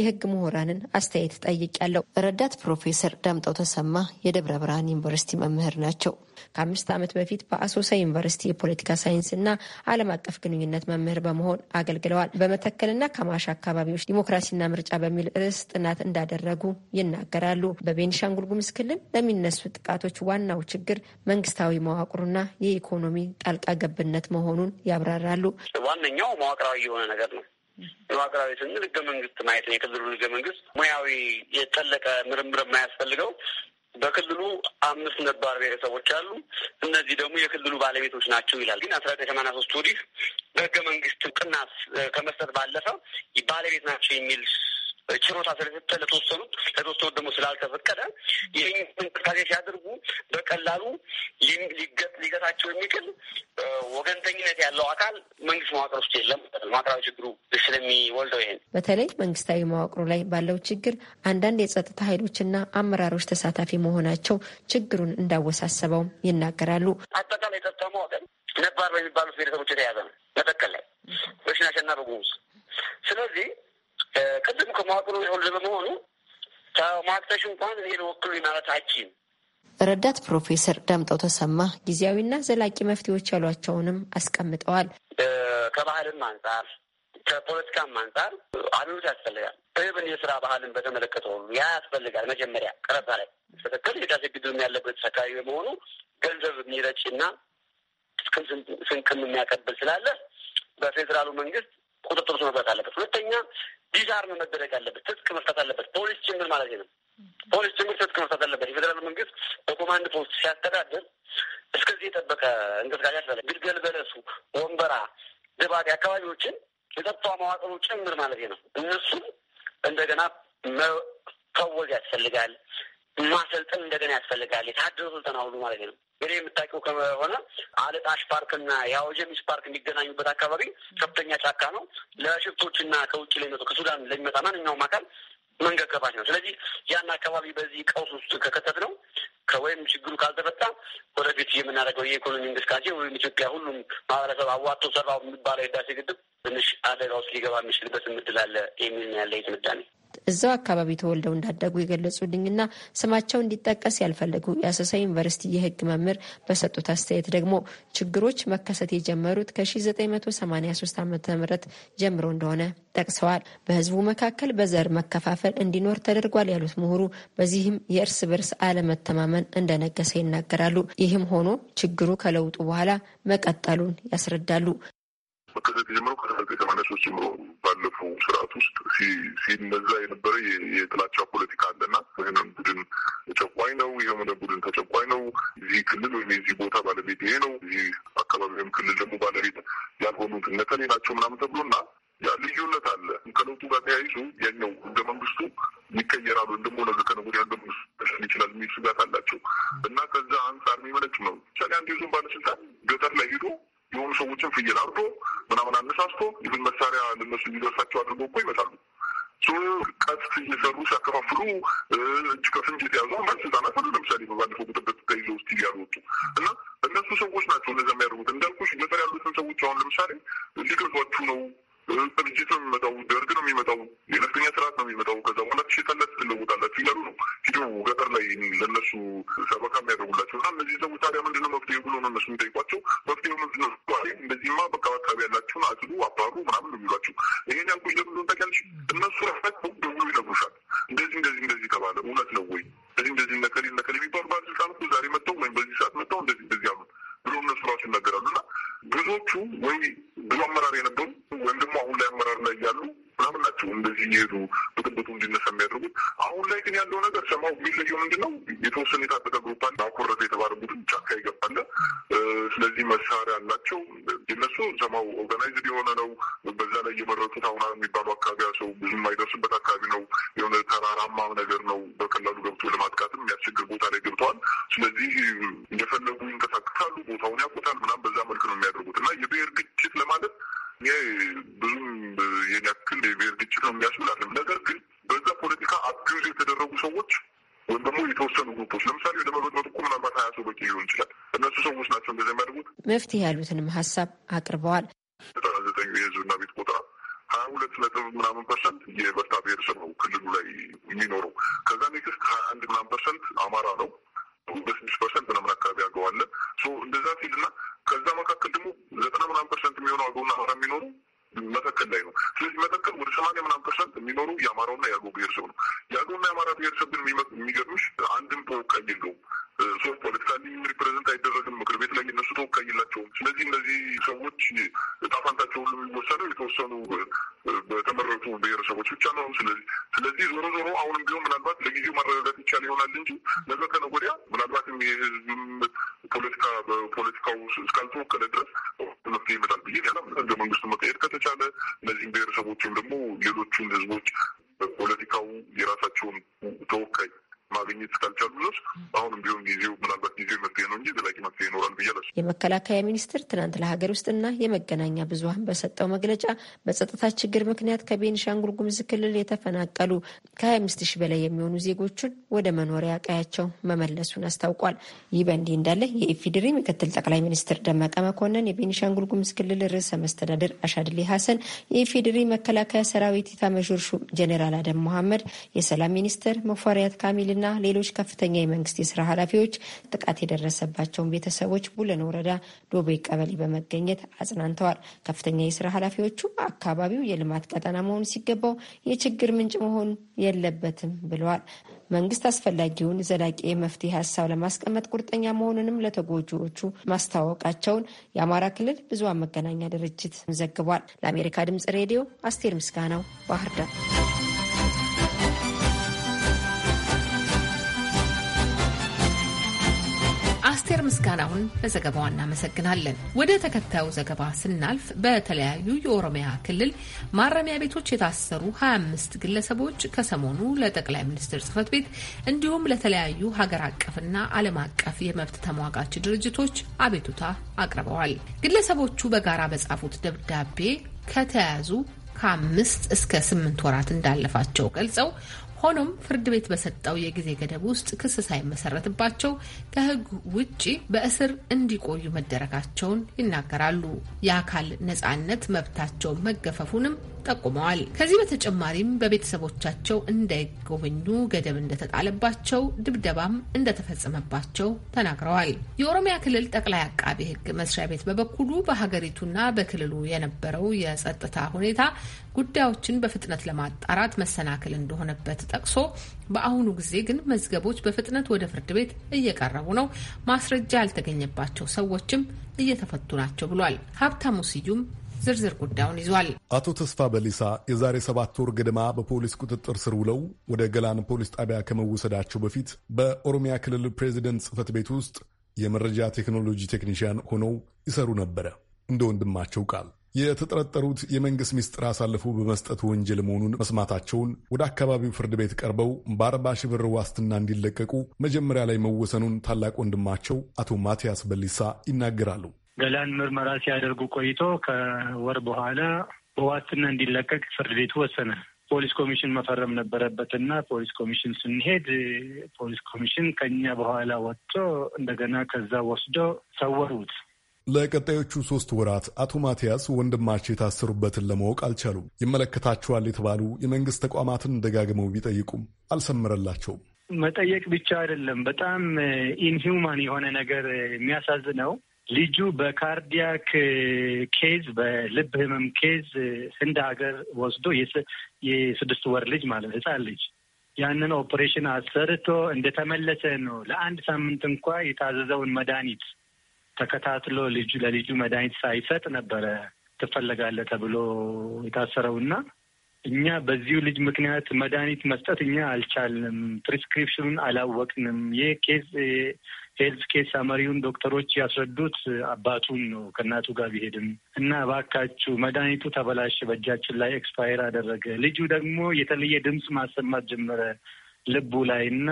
የሕግ ምሁራንን አስተያየት ያለው ረዳት ፕሮፌሰር ዳምጠው ተሰማ የደብረ ብርሃን ዩኒቨርሲቲ መምህር ናቸው። ከአምስት ዓመት በፊት በአሶሳ ዩኒቨርሲቲ የፖለቲካ ሳይንስና ዓለም አቀፍ ግንኙነት መምህር በመሆን አገልግለዋል። በመተከልና ከማሽ አካባቢዎች ዲሞክራሲና ምርጫ በሚል ርዕስ ጥናት እንዳደረጉ ይናገራሉ። በቤኒሻንጉል ጉምዝ ክልል ለሚነሱ ጥቃቶች ዋናው ችግር መንግስታዊ መዋቅሩና የኢኮኖሚ ጣልቃ ገብነት መሆኑን ያብራራሉ። ዋነኛው መዋቅራዊ የሆነ ነገር ነው። መዋቅራዊ ስንል ህገ መንግስት ማየት ነው። የክልሉ ህገ መንግስት ሙያዊ የጠለቀ ምርምር የማያስፈልገው በክልሉ አምስት ነባር ብሔረሰቦች አሉ። እነዚህ ደግሞ የክልሉ ባለቤቶች ናቸው ይላል። ግን አስራ ዘጠኝ ሰማንያ ሶስት ወዲህ በህገ መንግስት እውቅና ከመስጠት ባለፈ ባለቤት ናቸው የሚል ችሮታ ስለሰጠ ለተወሰኑት ለተወሰኑት ደግሞ ስላልተፈቀደ ይህን እንቅስቃሴ ሲያደርጉ በቀላሉ ሊገታቸው የሚችል ወገንተኝነት ያለው አካል መንግስት መዋቅር ውስጥ የለም። ማቅራዊ ችግሩ ስለሚወልደው ይሄን በተለይ መንግስታዊ መዋቅሩ ላይ ባለው ችግር አንዳንድ የጸጥታ ኃይሎችና አመራሮች ተሳታፊ መሆናቸው ችግሩን እንዳወሳሰበውም ይናገራሉ። አጠቃላይ የጸጥታ መዋቅር ነባር በሚባሉት ብሔረሰቦች የተያዘ ነው መጠቀል ላይ በሽናሸና በጉሙዝ ስለዚህ ቅድም ከመዋቅሩ የሆን ለመሆኑ ከማክተሽ እንኳን እኔን ወክሉ ማለት አችም ረዳት ፕሮፌሰር ዳምጠው ተሰማ ጊዜያዊና ዘላቂ መፍትሄዎች ያሏቸውንም አስቀምጠዋል። ከባህልም አንጻር ከፖለቲካም አንጻር አሉት ያስፈልጋል። ህብን የስራ ባህልን በተመለከተ ሁሉ ያ ያስፈልጋል። መጀመሪያ ቀረባ ላይ ትክክል የህዳሴ ግድብም ያለበት አካባቢ በመሆኑ ገንዘብ የሚረጭና ስንክም የሚያቀብል ስላለ በፌዴራሉ መንግስት ቁጥጥር ስር መግባት አለበት። ሁለተኛ ዲዛር መደረግ አለበት። ትጥቅ መፍታት አለበት። ፖሊስ ጭምር ማለት ነው። ፖሊስ ጭምር ትጥቅ መፍታት አለበት። የፌዴራል መንግስት በኮማንድ ፖስት ሲያስተዳድር እስከዚህ የጠበቀ እንቅስቃሴ ያስፈለ ግልገል በለሱ፣ ወንበራ፣ ድባቴ አካባቢዎችን የጸጥታ መዋቅሩ ጭምር ማለት ነው። እነሱም እንደገና መፈወዝ ያስፈልጋል። ማሰልጠን እንደገና ያስፈልጋል። የታደሩ ስልጠና ሁሉ ማለት ነው። እኔ የምታውቂው ከሆነ አለጣሽ ፓርክና የአውጀሚስ ፓርክ የሚገናኙበት አካባቢ ከፍተኛ ጫካ ነው። ለሽፍቶችና ከውጭ ለሚመጡ ከሱዳን ለሚመጣ ማንኛውም አካል መንገድ ከፋች ነው። ስለዚህ ያን አካባቢ በዚህ ቀውስ ውስጥ ከከተት ነው ከወይም ችግሩ ካልተፈታ ወደፊት የምናደርገው የኢኮኖሚ እንቅስቃሴ ወይም ኢትዮጵያ ሁሉም ማህበረሰብ አዋጥቶ ሰራው የሚባለው የህዳሴ ግድብ ትንሽ አደጋ ውስጥ ሊገባ የሚችልበት እምድል አለ የሚል ያለ የትንዳኔ እዛው አካባቢ ተወልደው እንዳደጉ የገለጹልኝና ስማቸው እንዲጠቀስ ያልፈለጉ የአሰሳ ዩኒቨርሲቲ የህግ መምህር በሰጡት አስተያየት ደግሞ ችግሮች መከሰት የጀመሩት ከ1983 ዓ ም ጀምሮ እንደሆነ ጠቅሰዋል። በህዝቡ መካከል በዘር መከፋፈል እንዲኖር ተደርጓል ያሉት ምሁሩ በዚህም የእርስ በርስ አለመተማመን እንደነገሰ ይናገራሉ። ይህም ሆኖ ችግሩ ከለውጡ በኋላ መቀጠሉን ያስረዳሉ። መከሰት የጀመረው ከዘጠና ሶስት ጀምሮ ባለፈው ስርዓት ውስጥ ሲነዛ የነበረ የጥላቻ ፖለቲካ አለና ይህንን ቡድን ተጨቋኝ ነው፣ የሆነ ቡድን ተጨቋኝ ነው፣ እዚህ ክልል ወይም የዚህ ቦታ ባለቤት ይሄ ነው፣ እዚህ አካባቢ ወይም ክልል ደግሞ ባለቤት ያልሆኑት እነተሌ ናቸው ምናምን ተብሎ እና ልዩነት አለ። ከለውጡ ጋር ተያይዞ ያኛው ህገ መንግስቱ ይቀየራሉ ወይም ደግሞ ነገ ከነገወዲያ ህገ መንግስቱ ተሻል ይችላል የሚል ስጋት አላቸው እና ከዛ አንጻር የሚመለጭ ነው። ምሳሌ አንድ የዞን ባለስልጣን ገጠር ላይ ሄዶ የሆኑ ሰዎችን ፍየል አርዶ ምናምን አነሳስቶ ይህን መሳሪያ ልነሱ እንዲደርሳቸው አድርጎ እኮ ይመጣሉ። ቀስት እየሰሩ ሲያከፋፍሉ እጅ ከፍንጅ የተያዙ ባለስልጣናት አሉ። ለምሳሌ በባለፈው ቁጥበት ተይዞ ውስጥ እያሉ ወጡ እና እነሱ ሰዎች ናቸው እነዚ የሚያደርጉት። እንዳልኩሽ ገጠር ያሉትን ሰዎች አሁን ለምሳሌ ሊገዟችሁ ነው በድርጅት ነው የሚመጣው፣ ደርግ ነው የሚመጣው፣ የነፍጠኛ ስርዓት ነው የሚመጣው። ከዛ በኋላ ትሸጣላችሁ፣ ትለውጣላችሁ እያሉ ነው ሂዶ ገጠር ላይ ለነሱ ሰበካ የሚያደርጉላቸው እና እነዚህ ሰዎች ታዲያ ምንድነው መፍትሄ ብሎ ነው እነሱ የሚጠይቋቸው። መፍትሄው ምንድነው? እንደዚህማ በቃ አካባቢ ያላችሁን አስሉ፣ አባሩ ምናምን ነው የሚሏቸው። ይሄን ያልኩሽ ለምንድን ታውቂያለሽ? እነሱ ራሳቸው ያሉትንም ሀሳብ አቅርበዋል። ሰው እስካልተወከለ ድረስ መፍትሄ ይመጣል ብዬ ያለ ህገ መንግስቱ መቀየር ከተቻለ እነዚህም ብሔረሰቦች ወይም ደግሞ ሌሎቹን ህዝቦች በፖለቲካው የራሳቸውን ተወካይ ማግኘት እስካልቻሉ ድረስ አሁንም ቢሆን ጊዜው ምናልባት ጊዜ መፍትሄ ነው እንጂ ዘላቂ መፍትሄ ይኖራል ብያለ። የመከላከያ ሚኒስቴር ትናንት ለሀገር ውስጥና የመገናኛ ብዙሀን በሰጠው መግለጫ በጸጥታ ችግር ምክንያት ከቤንሻንጉል ጉምዝ ክልል የተፈናቀሉ ከ25 ሺህ በላይ የሚሆኑ ዜጎችን ወደ መኖሪያ ቀያቸው መመለሱን አስታውቋል። ይህ በእንዲህ እንዳለ የኢፌዴሪ ምክትል ጠቅላይ ሚኒስትር ደመቀ መኮንን፣ የቤንሻንጉል ጉምዝ ክልል ርዕሰ መስተዳደር አሻድሌ ሀሰን፣ የኢፌዴሪ መከላከያ ሰራዊት ኢታማዦር ሹም ጀኔራል አደም መሐመድ፣ የሰላም ሚኒስትር ሙፈሪያት ካሚልና እና ሌሎች ከፍተኛ የመንግስት የስራ ኃላፊዎች ጥቃት የደረሰባቸውን ቤተሰቦች ቡለን ወረዳ ዶቤ ቀበሌ በመገኘት አጽናንተዋል። ከፍተኛ የስራ ኃላፊዎቹ አካባቢው የልማት ቀጠና መሆን ሲገባው የችግር ምንጭ መሆን የለበትም ብለዋል። መንግስት አስፈላጊውን ዘላቂ የመፍትሄ ሀሳብ ለማስቀመጥ ቁርጠኛ መሆኑንም ለተጎጂዎቹ ማስታወቃቸውን የአማራ ክልል ብዙኃን መገናኛ ድርጅት ዘግቧል። ለአሜሪካ ድምጽ ሬዲዮ አስቴር ምስጋናው ባህር ዳር ምስጋናውን ለዘገባዋ እናመሰግናለን። ወደ ተከታዩ ዘገባ ስናልፍ በተለያዩ የኦሮሚያ ክልል ማረሚያ ቤቶች የታሰሩ 25 ግለሰቦች ከሰሞኑ ለጠቅላይ ሚኒስትር ጽህፈት ቤት እንዲሁም ለተለያዩ ሀገር አቀፍና ዓለም አቀፍ የመብት ተሟጋች ድርጅቶች አቤቱታ አቅርበዋል። ግለሰቦቹ በጋራ በጻፉት ደብዳቤ ከተያዙ ከአምስት እስከ ስምንት ወራት እንዳለፋቸው ገልጸው ሆኖም ፍርድ ቤት በሰጠው የጊዜ ገደብ ውስጥ ክስ ሳይመሰረትባቸው ከሕግ ውጪ በእስር እንዲቆዩ መደረጋቸውን ይናገራሉ። የአካል ነጻነት መብታቸው መገፈፉንም ጠቁመዋል። ከዚህ በተጨማሪም በቤተሰቦቻቸው እንዳይጎበኙ ገደብ እንደተጣለባቸው፣ ድብደባም እንደተፈጸመባቸው ተናግረዋል። የኦሮሚያ ክልል ጠቅላይ አቃቤ ሕግ መስሪያ ቤት በበኩሉ በሀገሪቱና በክልሉ የነበረው የጸጥታ ሁኔታ ጉዳዮችን በፍጥነት ለማጣራት መሰናክል እንደሆነበት ጠቅሶ በአሁኑ ጊዜ ግን መዝገቦች በፍጥነት ወደ ፍርድ ቤት እየቀረቡ ነው፣ ማስረጃ ያልተገኘባቸው ሰዎችም እየተፈቱ ናቸው ብሏል። ሀብታሙ ስዩም ዝርዝር ጉዳዩን ይዟል። አቶ ተስፋ በሊሳ የዛሬ ሰባት ወር ገደማ በፖሊስ ቁጥጥር ስር ውለው ወደ ገላን ፖሊስ ጣቢያ ከመወሰዳቸው በፊት በኦሮሚያ ክልል ፕሬዚደንት ጽህፈት ቤት ውስጥ የመረጃ ቴክኖሎጂ ቴክኒሽያን ሆነው ይሰሩ ነበረ። እንደ ወንድማቸው ቃል የተጠረጠሩት የመንግስት ሚስጥር አሳልፎ በመስጠት ወንጀል መሆኑን መስማታቸውን ወደ አካባቢው ፍርድ ቤት ቀርበው በአርባ ሺህ ብር ዋስትና እንዲለቀቁ መጀመሪያ ላይ መወሰኑን ታላቅ ወንድማቸው አቶ ማቲያስ በሊሳ ይናገራሉ። ገላን ምርመራ ሲያደርጉ ቆይቶ ከወር በኋላ በዋስትና እንዲለቀቅ ፍርድ ቤቱ ወሰነ። ፖሊስ ኮሚሽን መፈረም ነበረበት እና ፖሊስ ኮሚሽን ስንሄድ ፖሊስ ኮሚሽን ከኛ በኋላ ወጥቶ እንደገና ከዛ ወስዶ ሰወሩት። ለቀጣዮቹ ሶስት ወራት አቶ ማቲያስ ወንድማቸው የታሰሩበትን ለማወቅ አልቻሉም። ይመለከታቸዋል የተባሉ የመንግስት ተቋማትን ደጋግመው ቢጠይቁም አልሰምረላቸውም። መጠየቅ ብቻ አይደለም፣ በጣም ኢንሂውማን የሆነ ነገር የሚያሳዝነው ልጁ በካርዲያክ ኬዝ በልብ ህመም ኬዝ ህንድ ሀገር ወስዶ የስድስት ወር ልጅ ማለት ህፃን ልጅ ያንን ኦፕሬሽን አሰርቶ እንደተመለሰ ነው ለአንድ ሳምንት እንኳ የታዘዘውን መድኃኒት ተከታትሎ ልጁ ለልጁ መድኃኒት ሳይሰጥ ነበረ ትፈለጋለህ ተብሎ የታሰረውና እኛ በዚሁ ልጅ ምክንያት መድኃኒት መስጠት እኛ አልቻልንም። ፕሪስክሪፕሽኑን አላወቅንም። ይህ ኬስ ሄልዝ ኬስ ሳመሪውን ዶክተሮች ያስረዱት አባቱን ነው ከእናቱ ጋር ቢሄድም እና እባካችሁ መድኃኒቱ ተበላሸ፣ በእጃችን ላይ ኤክስፓየር አደረገ። ልጁ ደግሞ የተለየ ድምፅ ማሰማት ጀመረ ልቡ ላይ እና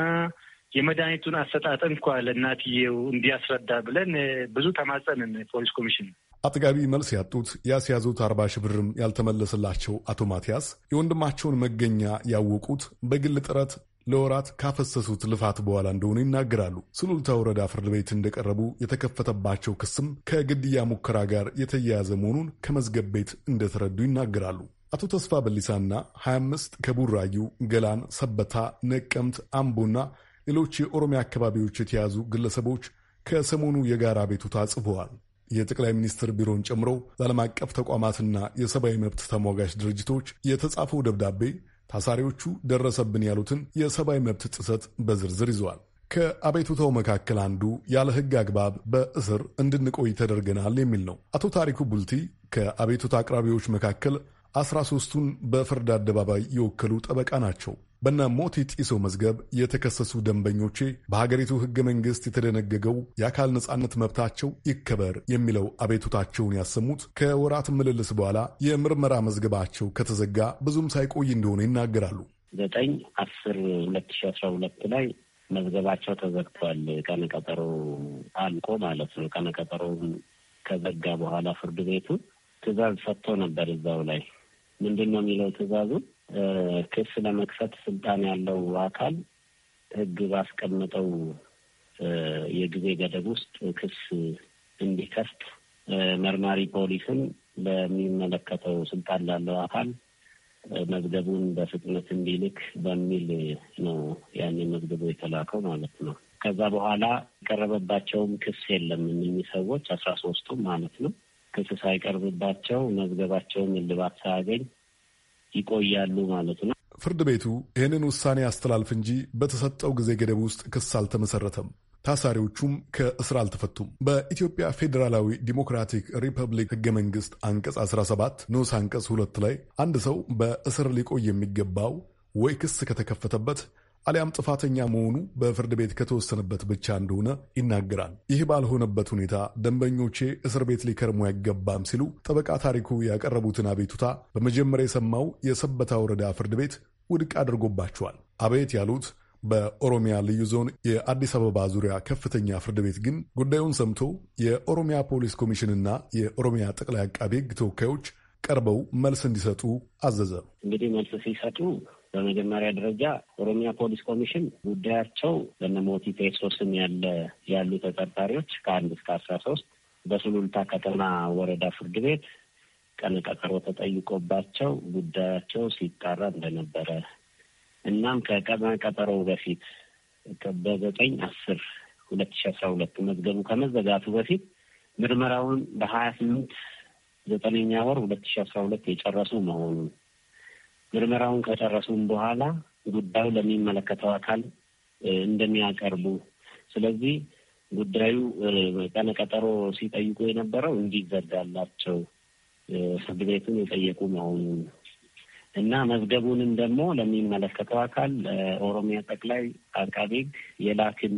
የመድኃኒቱን አሰጣጥ እንኳ ለእናትየው እንዲያስረዳ ብለን ብዙ ተማጸንን ፖሊስ ኮሚሽን። አጥጋቢ መልስ ያጡት ያስያዙት አርባ ሺህ ብርም ያልተመለሰላቸው አቶ ማቲያስ የወንድማቸውን መገኛ ያወቁት በግል ጥረት ለወራት ካፈሰሱት ልፋት በኋላ እንደሆኑ ይናገራሉ። ስሉልታ ወረዳ ፍርድ ቤት እንደቀረቡ የተከፈተባቸው ክስም ከግድያ ሙከራ ጋር የተያያዘ መሆኑን ከመዝገብ ቤት እንደተረዱ ይናገራሉ። አቶ ተስፋ በሊሳና 25 ከቡራዩ፣ ገላን፣ ሰበታ፣ ነቀምት፣ አምቦና ሌሎች የኦሮሚያ አካባቢዎች የተያዙ ግለሰቦች ከሰሞኑ የጋራ ቤቱታ ጽፈዋል። የጠቅላይ ሚኒስትር ቢሮን ጨምሮ ለዓለም አቀፍ ተቋማትና የሰብአዊ መብት ተሟጋች ድርጅቶች የተጻፈው ደብዳቤ ታሳሪዎቹ ደረሰብን ያሉትን የሰብአዊ መብት ጥሰት በዝርዝር ይዘዋል። ከአቤቱታው መካከል አንዱ ያለ ሕግ አግባብ በእስር እንድንቆይ ተደርገናል የሚል ነው። አቶ ታሪኩ ቡልቲ ከአቤቱታ አቅራቢዎች መካከል አስራ ሦስቱን በፍርድ አደባባይ የወከሉ ጠበቃ ናቸው። በና ሞቲ ጢሶ መዝገብ የተከሰሱ ደንበኞቼ በሀገሪቱ ህገ መንግስት የተደነገገው የአካል ነጻነት መብታቸው ይከበር የሚለው አቤቱታቸውን ያሰሙት ከወራት ምልልስ በኋላ የምርመራ መዝገባቸው ከተዘጋ ብዙም ሳይቆይ እንደሆነ ይናገራሉ። ዘጠኝ አስር ሁለት ሺ አስራ ሁለት ላይ መዝገባቸው ተዘግቷል። ቀነቀጠሮ አልቆ ማለት ነው። ቀነቀጠሮውን ከዘጋ በኋላ ፍርድ ቤቱ ትእዛዝ ሰጥቶ ነበር። እዛው ላይ ምንድን ነው የሚለው ትዕዛዙ ክስ ለመክፈት ስልጣን ያለው አካል ህግ ባስቀመጠው የጊዜ ገደብ ውስጥ ክስ እንዲከፍት መርማሪ ፖሊስም ለሚመለከተው ስልጣን ላለው አካል መዝገቡን በፍጥነት እንዲልክ በሚል ነው ያን መዝገቡ የተላከው ማለት ነው። ከዛ በኋላ የቀረበባቸውም ክስ የለም። እነኚህ ሰዎች አስራ ሶስቱም ማለት ነው ክስ ሳይቀርብባቸው መዝገባቸውን እልባት ሳያገኝ ይቆያሉ ማለት ነው። ፍርድ ቤቱ ይህንን ውሳኔ አስተላልፍ እንጂ በተሰጠው ጊዜ ገደብ ውስጥ ክስ አልተመሰረተም። ታሳሪዎቹም ከእስር አልተፈቱም። በኢትዮጵያ ፌዴራላዊ ዲሞክራቲክ ሪፐብሊክ ህገ መንግስት አንቀጽ 17 ንዑስ አንቀጽ 2 ላይ አንድ ሰው በእስር ሊቆይ የሚገባው ወይ ክስ ከተከፈተበት አሊያም ጥፋተኛ መሆኑ በፍርድ ቤት ከተወሰነበት ብቻ እንደሆነ ይናገራል። ይህ ባልሆነበት ሁኔታ ደንበኞቼ እስር ቤት ሊከርሙ አይገባም ሲሉ ጠበቃ ታሪኩ ያቀረቡትን አቤቱታ በመጀመሪያ የሰማው የሰበታ ወረዳ ፍርድ ቤት ውድቅ አድርጎባቸዋል። አቤት ያሉት በኦሮሚያ ልዩ ዞን የአዲስ አበባ ዙሪያ ከፍተኛ ፍርድ ቤት ግን ጉዳዩን ሰምቶ የኦሮሚያ ፖሊስ ኮሚሽንና የኦሮሚያ ጠቅላይ አቃቤ ሕግ ተወካዮች ቀርበው መልስ እንዲሰጡ አዘዘ። እንግዲህ መልስ ሲሰጡ በመጀመሪያ ደረጃ ኦሮሚያ ፖሊስ ኮሚሽን ጉዳያቸው በነሞቲ ቴሶ ስም ያለ ያሉ ተጠርጣሪዎች ከአንድ እስከ አስራ ሶስት በሱሉልታ ከተማ ወረዳ ፍርድ ቤት ቀነ ቀጠሮ ተጠይቆባቸው ጉዳያቸው ሲጣራ እንደነበረ እናም ከቀነ ቀጠሮው በፊት በዘጠኝ አስር ሁለት ሺ አስራ ሁለት መዝገቡ ከመዘጋቱ በፊት ምርመራውን በሀያ ስምንት ዘጠነኛ ወር ሁለት ሺ አስራ ሁለት የጨረሱ መሆኑን ምርመራውን ከጨረሱም በኋላ ጉዳዩ ለሚመለከተው አካል እንደሚያቀርቡ ስለዚህ ጉዳዩ ቀነ ቀጠሮ ሲጠይቁ የነበረው እንዲዘጋላቸው ፍርድ ቤቱን የጠየቁ መሆኑን እና መዝገቡንም ደግሞ ለሚመለከተው አካል ኦሮሚያ ጠቅላይ አቃቤ ሕግ የላክን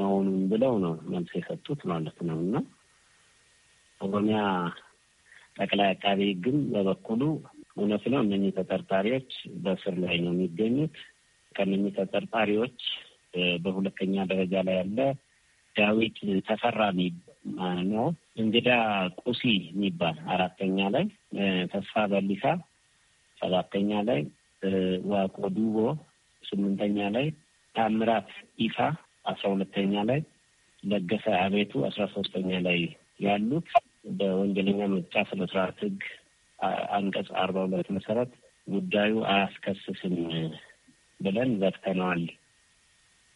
መሆኑን ብለው ነው መልስ የሰጡት ማለት ነው። እና ኦሮሚያ ጠቅላይ አቃቤ ሕግም በበኩሉ እውነት ነው። እነኚህ ተጠርጣሪዎች በእስር ላይ ነው የሚገኙት። ከነኚህ ተጠርጣሪዎች በሁለተኛ ደረጃ ላይ ያለ ዳዊት ተፈራ ነው። እንግዳ ቁሲ የሚባል አራተኛ ላይ፣ ተስፋ በሊሳ ሰባተኛ ላይ፣ ዋቆ ዱቦ ስምንተኛ ላይ፣ ታምራት ኢፋ አስራ ሁለተኛ ላይ፣ ለገሰ አቤቱ አስራ ሶስተኛ ላይ ያሉት በወንጀለኛ መቅጫ ስነስርዓት ህግ አንቀጽ አርባ ሁለት መሰረት ጉዳዩ አያስከስስም ብለን ዘግተነዋል።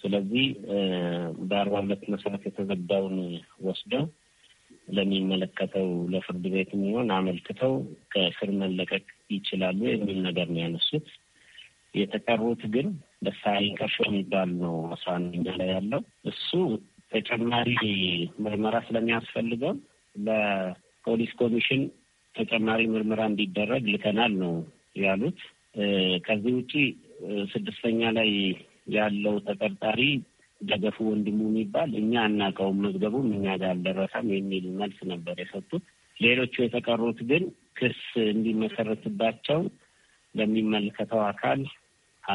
ስለዚህ በአርባ ሁለት መሰረት የተዘጋውን ወስደው ለሚመለከተው ለፍርድ ቤት የሚሆን አመልክተው ከእስር መለቀቅ ይችላሉ የሚል ነገር ነው ያነሱት። የተቀሩት ግን ደሳለኝ ከርሾ የሚባል ነው አስራ አንደኛ ላይ ያለው እሱ ተጨማሪ ምርመራ ስለሚያስፈልገው ለፖሊስ ኮሚሽን ተጨማሪ ምርመራ እንዲደረግ ልከናል ነው ያሉት። ከዚህ ውጪ ስድስተኛ ላይ ያለው ተጠርጣሪ ደገፉ ወንድሙ የሚባል እኛ አናውቀውም፣ መዝገቡም እኛ ጋር አልደረሰም የሚል መልስ ነበር የሰጡት። ሌሎቹ የተቀሩት ግን ክስ እንዲመሰረትባቸው ለሚመለከተው አካል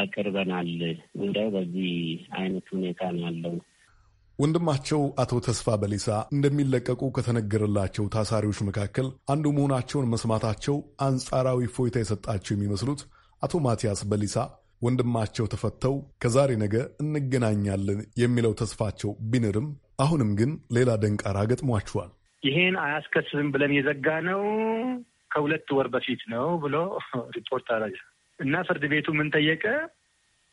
አቅርበናል። እንደው በዚህ አይነት ሁኔታ ነው ያለው ወንድማቸው አቶ ተስፋ በሊሳ እንደሚለቀቁ ከተነገረላቸው ታሳሪዎች መካከል አንዱ መሆናቸውን መስማታቸው አንጻራዊ ፎይታ የሰጣቸው የሚመስሉት አቶ ማቲያስ በሊሳ ወንድማቸው ተፈተው ከዛሬ ነገ እንገናኛለን የሚለው ተስፋቸው ቢንርም አሁንም ግን ሌላ ደንቃራ ገጥሟቸዋል። ይሄን አያስከስብም ብለን የዘጋ ነው ከሁለት ወር በፊት ነው ብሎ ሪፖርት አረጃ እና ፍርድ ቤቱ ምን ጠየቀ?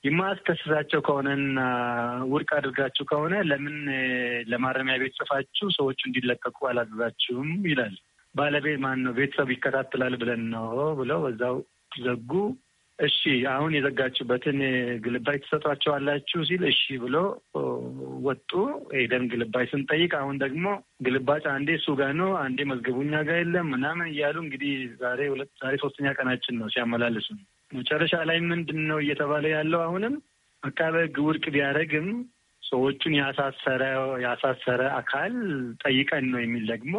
የማያስከስሳቸው ከሆነና ውድቅ አድርጋችሁ ከሆነ ለምን ለማረሚያ ቤት ጽፋችሁ ሰዎቹ እንዲለቀቁ አላዘዛችሁም? ይላል። ባለቤት ማን ነው? ቤተሰብ ይከታተላል ብለን ነው ብለው በዛው ዘጉ። እሺ አሁን የዘጋችሁበትን ግልባጭ ትሰጧቸዋላችሁ ሲል እሺ ብሎ ወጡ። ሄደን ግልባጭ ስንጠይቅ አሁን ደግሞ ግልባጭ አንዴ እሱ ጋ ነው፣ አንዴ መዝገቡኛ ጋር የለም ምናምን እያሉ እንግዲህ ዛሬ ሁለት ዛሬ ሶስተኛ ቀናችን ነው ሲያመላልሱ መጨረሻ ላይ ምንድን ነው እየተባለ ያለው? አሁንም አቃቤ ሕግ ውድቅ ቢያደርግም ሰዎቹን ያሳሰረ ያሳሰረ አካል ጠይቀን ነው የሚል ደግሞ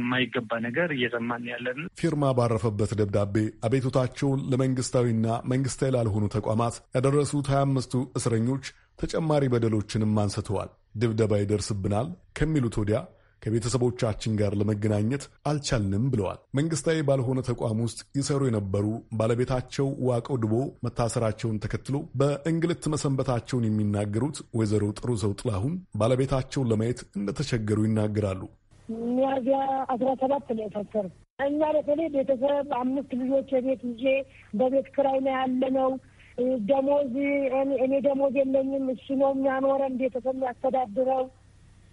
የማይገባ ነገር እየሰማን ያለን። ፊርማ ባረፈበት ደብዳቤ አቤቱታቸውን ለመንግስታዊና መንግስታዊ ላልሆኑ ተቋማት ያደረሱት ሀያ አምስቱ እስረኞች ተጨማሪ በደሎችንም አንስተዋል። ድብደባ ይደርስብናል ከሚሉት ወዲያ ከቤተሰቦቻችን ጋር ለመገናኘት አልቻልንም ብለዋል። መንግስታዊ ባልሆነ ተቋም ውስጥ ይሰሩ የነበሩ ባለቤታቸው ዋቀው ድቦ መታሰራቸውን ተከትሎ በእንግልት መሰንበታቸውን የሚናገሩት ወይዘሮ ጥሩ ሰው ጥላሁን ባለቤታቸውን ለማየት እንደተቸገሩ ይናገራሉ። ሚያዝያ አስራ ሰባት ነው የታሰር እኛ በተለይ ቤተሰብ አምስት ልጆች የቤት ይዤ በቤት ክራይ ነው ያለነው ደሞዝ እኔ ደሞዝ የለኝም። እሱ ነው የሚያኖረን ቤተሰብ የሚያስተዳድረው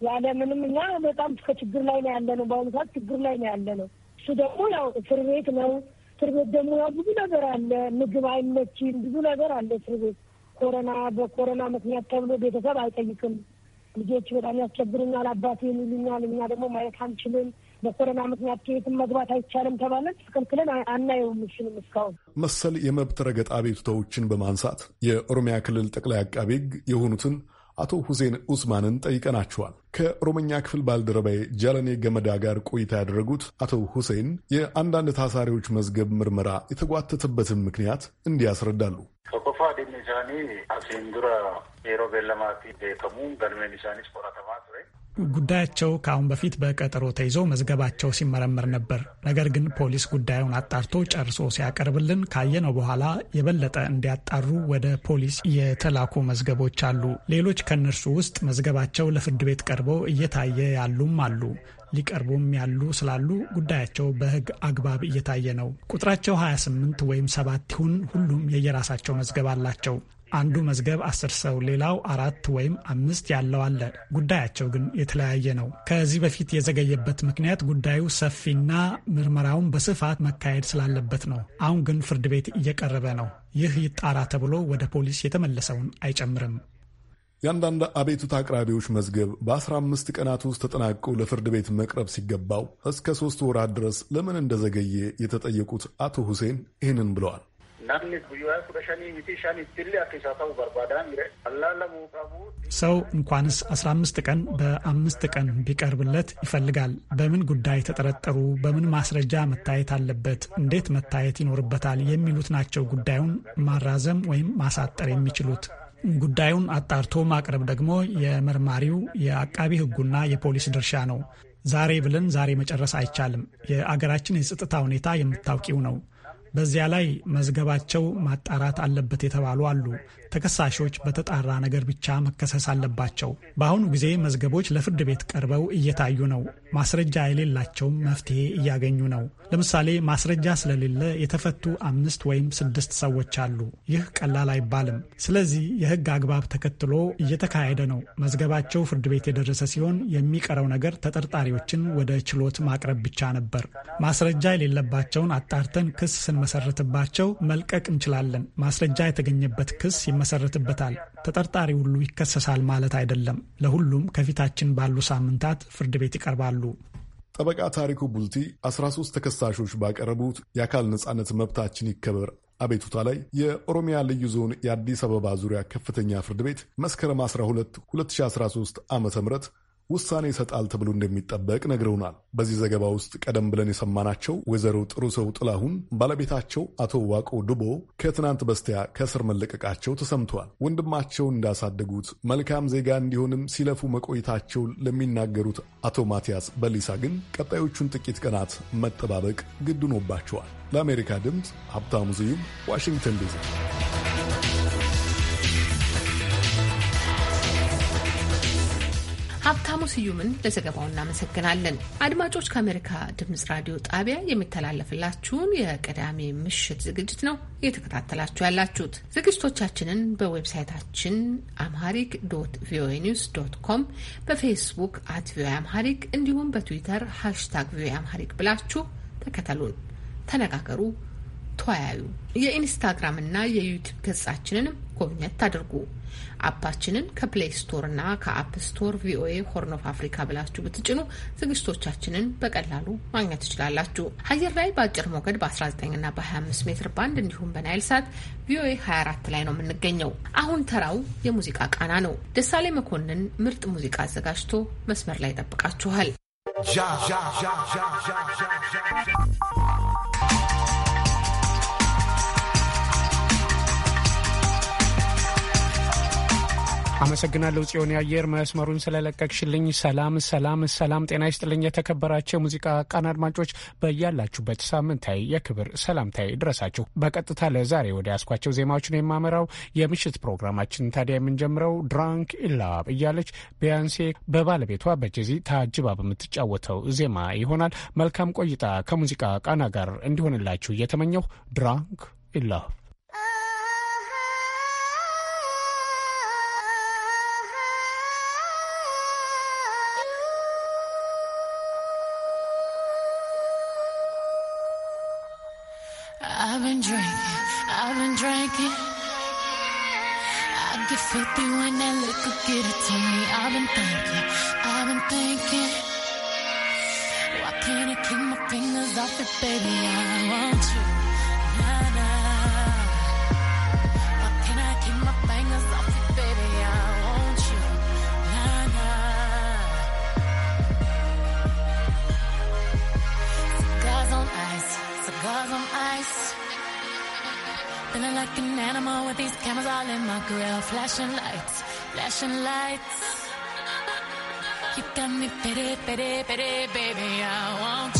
ያለ ምንም እኛ በጣም ከችግር ላይ ነው ያለ ነው። በአሁኑ ሰዓት ችግር ላይ ነው ያለ ነው። እሱ ደግሞ ያው እስር ቤት ነው። እስር ቤት ደግሞ ያው ብዙ ነገር አለ። ምግብ አይመችም፣ ብዙ ነገር አለ እስር ቤት። ኮሮና በኮሮና ምክንያት ተብሎ ቤተሰብ አይጠይቅም። ልጆች በጣም ያስቸግሩኛል፣ አባት ይሉኛል። እኛ ደግሞ ማየት አንችልም። በኮረና ምክንያት ከየትም መግባት አይቻልም ተባለን ተከልክለን አናየውም። እሱንም እስካሁን መሰል የመብት ረገጣ ቤቱታዎችን በማንሳት የኦሮሚያ ክልል ጠቅላይ አቃቤ ሕግ የሆኑትን አቶ ሁሴን ኡስማንን ጠይቀናቸዋል። ከኦሮመኛ ክፍል ባልደረባዬ ጃለኔ ገመዳ ጋር ቆይታ ያደረጉት አቶ ሁሴን የአንዳንድ ታሳሪዎች መዝገብ ምርመራ የተጓተተበትን ምክንያት እንዲህ ያስረዳሉ። ጉዳያቸው ከአሁን በፊት በቀጠሮ ተይዞ መዝገባቸው ሲመረመር ነበር። ነገር ግን ፖሊስ ጉዳዩን አጣርቶ ጨርሶ ሲያቀርብልን ካየነው በኋላ የበለጠ እንዲያጣሩ ወደ ፖሊስ የተላኩ መዝገቦች አሉ። ሌሎች ከእነርሱ ውስጥ መዝገባቸው ለፍርድ ቤት ቀርበው እየታየ ያሉም አሉ። ሊቀርቡም ያሉ ስላሉ ጉዳያቸው በሕግ አግባብ እየታየ ነው። ቁጥራቸው 28 ወይም 7 ይሁን፣ ሁሉም የየራሳቸው መዝገብ አላቸው። አንዱ መዝገብ አስር ሰው ሌላው አራት ወይም አምስት ያለው አለ። ጉዳያቸው ግን የተለያየ ነው። ከዚህ በፊት የዘገየበት ምክንያት ጉዳዩ ሰፊና ምርመራውን በስፋት መካሄድ ስላለበት ነው። አሁን ግን ፍርድ ቤት እየቀረበ ነው። ይህ ይጣራ ተብሎ ወደ ፖሊስ የተመለሰውን አይጨምርም። የአንዳንድ አቤቱታ አቅራቢዎች መዝገብ በ15 ቀናት ውስጥ ተጠናቀው ለፍርድ ቤት መቅረብ ሲገባው እስከ ሶስት ወራት ድረስ ለምን እንደዘገየ የተጠየቁት አቶ ሁሴን ይህንን ብለዋል። ሰው እንኳንስ 15 ቀን በአምስት ቀን ቢቀርብለት ይፈልጋል። በምን ጉዳይ ተጠረጠሩ፣ በምን ማስረጃ መታየት አለበት፣ እንዴት መታየት ይኖርበታል የሚሉት ናቸው ጉዳዩን ማራዘም ወይም ማሳጠር የሚችሉት። ጉዳዩን አጣርቶ ማቅረብ ደግሞ የመርማሪው የአቃቢ ሕጉና የፖሊስ ድርሻ ነው። ዛሬ ብለን ዛሬ መጨረስ አይቻልም። የአገራችን የጸጥታ ሁኔታ የምታውቂው ነው። በዚያ ላይ መዝገባቸው ማጣራት አለበት የተባሉ አሉ። ተከሳሾች በተጣራ ነገር ብቻ መከሰስ አለባቸው። በአሁኑ ጊዜ መዝገቦች ለፍርድ ቤት ቀርበው እየታዩ ነው። ማስረጃ የሌላቸውም መፍትሄ እያገኙ ነው። ለምሳሌ ማስረጃ ስለሌለ የተፈቱ አምስት ወይም ስድስት ሰዎች አሉ። ይህ ቀላል አይባልም። ስለዚህ የህግ አግባብ ተከትሎ እየተካሄደ ነው። መዝገባቸው ፍርድ ቤት የደረሰ ሲሆን የሚቀረው ነገር ተጠርጣሪዎችን ወደ ችሎት ማቅረብ ብቻ ነበር። ማስረጃ የሌለባቸውን አጣርተን ክስ ስንመሰርትባቸው መልቀቅ እንችላለን። ማስረጃ የተገኘበት ክስ ይመሰረትበታል። ተጠርጣሪ ሁሉ ይከሰሳል ማለት አይደለም። ለሁሉም ከፊታችን ባሉ ሳምንታት ፍርድ ቤት ይቀርባሉ። ጠበቃ ታሪኩ ቡልቲ 13 ተከሳሾች ባቀረቡት የአካል ነጻነት መብታችን ይከበር አቤቱታ ላይ የኦሮሚያ ልዩ ዞን የአዲስ አበባ ዙሪያ ከፍተኛ ፍርድ ቤት መስከረም 12 2013 ዓ ም ውሳኔ ይሰጣል ተብሎ እንደሚጠበቅ ነግረውናል። በዚህ ዘገባ ውስጥ ቀደም ብለን የሰማናቸው ወይዘሮ ጥሩ ሰው ጥላሁን ባለቤታቸው አቶ ዋቆ ዱቦ ከትናንት በስቲያ ከእስር መለቀቃቸው ተሰምተዋል። ወንድማቸው እንዳሳደጉት መልካም ዜጋ እንዲሆንም ሲለፉ መቆየታቸው ለሚናገሩት አቶ ማቲያስ በሊሳ ግን ቀጣዮቹን ጥቂት ቀናት መጠባበቅ ግድ ሆኖባቸዋል። ለአሜሪካ ድምፅ ሀብታሙ ዝዩም ዋሽንግተን ዲሲ ሀብታሙ ስዩምን ለዘገባው እናመሰግናለን። አድማጮች ከአሜሪካ ድምጽ ራዲዮ ጣቢያ የሚተላለፍላችሁን የቅዳሜ ምሽት ዝግጅት ነው እየተከታተላችሁ ያላችሁት። ዝግጅቶቻችንን በዌብሳይታችን አምሃሪክ ዶት ቪኦኤ ኒውስ ዶት ኮም፣ በፌስቡክ አት ቪኦኤ አምሃሪክ እንዲሁም በትዊተር ሃሽታግ ቪኦኤ አምሃሪክ ብላችሁ ተከተሉን፣ ተነጋገሩ፣ ተወያዩ። የኢንስታግራም እና የዩቲዩብ ገጻችንንም ጎብኘት ታደርጉ። አፓችንን ከፕሌይ እና ከአፕ ስቶር ቪኦኤ ሆርን ኦፍ አፍሪካ ብላችሁ ብትጭኑ ዝግጅቶቻችንን በቀላሉ ማግኘት ትችላላችሁ። አየር ላይ በአጭር ሞገድ በ19ና በ25 ሜትር ባንድ እንዲሁም በናይል ሳት ቪኦኤ 24 ላይ ነው የምንገኘው። አሁን ተራው የሙዚቃ ቃና ነው። ደሳሌ መኮንን ምርጥ ሙዚቃ አዘጋጅቶ መስመር ላይ ይጠብቃችኋል። አመሰግናለሁ ጽዮን የአየር መስመሩን ስለለቀቅሽልኝ። ሰላም ሰላም ሰላም፣ ጤና ይስጥልኝ። የተከበራቸው የሙዚቃ ቃና አድማጮች በያላችሁበት ሳምንታዊ የክብር ሰላምታዬ ድረሳችሁ። በቀጥታ ለዛሬ ወደ ያስኳቸው ዜማዎችን የማመራው የምሽት ፕሮግራማችን ታዲያ የምንጀምረው ድራንክ ኢላብ እያለች ቢያንሴ በባለቤቷ በጄዚ ታጅባ በምትጫወተው ዜማ ይሆናል። መልካም ቆይታ ከሙዚቃ ቃና ጋር እንዲሆንላችሁ እየተመኘሁ ድራንክ ኢላብ that liquor, get it to me. I've been thinking, I've been thinking. Why can't I keep my fingers off it, baby? I want you. Nah, nah. Why can't I keep my fingers off it, baby? I want you. Nah, nah. Cigars on ice, cigars on ice. Feeling like an animal with these cameras all in my grill, flashing lights flashing lights. You got me pity, pity, pity, baby. I want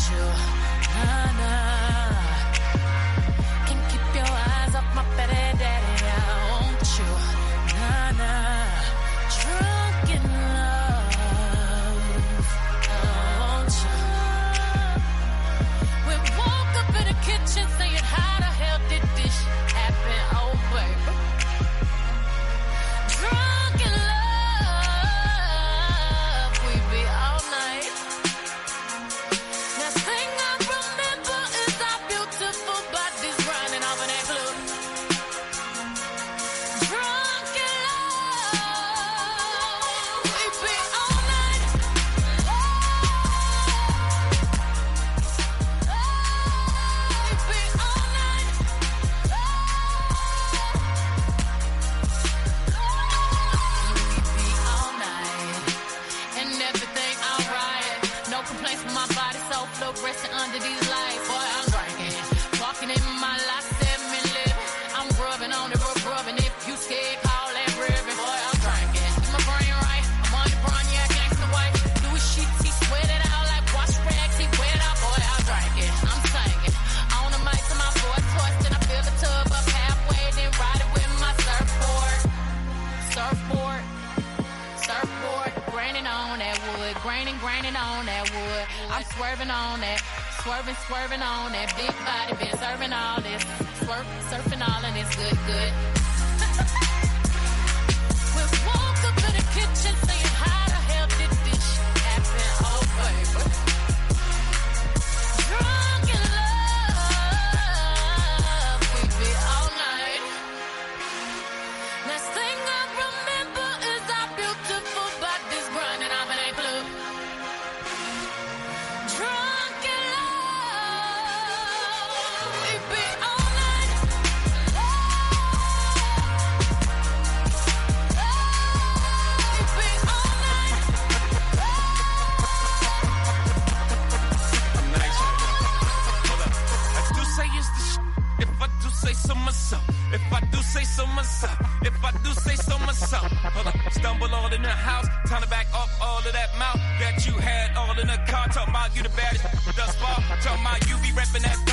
myself. If I do say so myself, if I do say so myself. Hold up, stumble all in the house, trying to back off all of that mouth that you had all in the car. Talking about you the baddest thus far, talking about you be reppin' that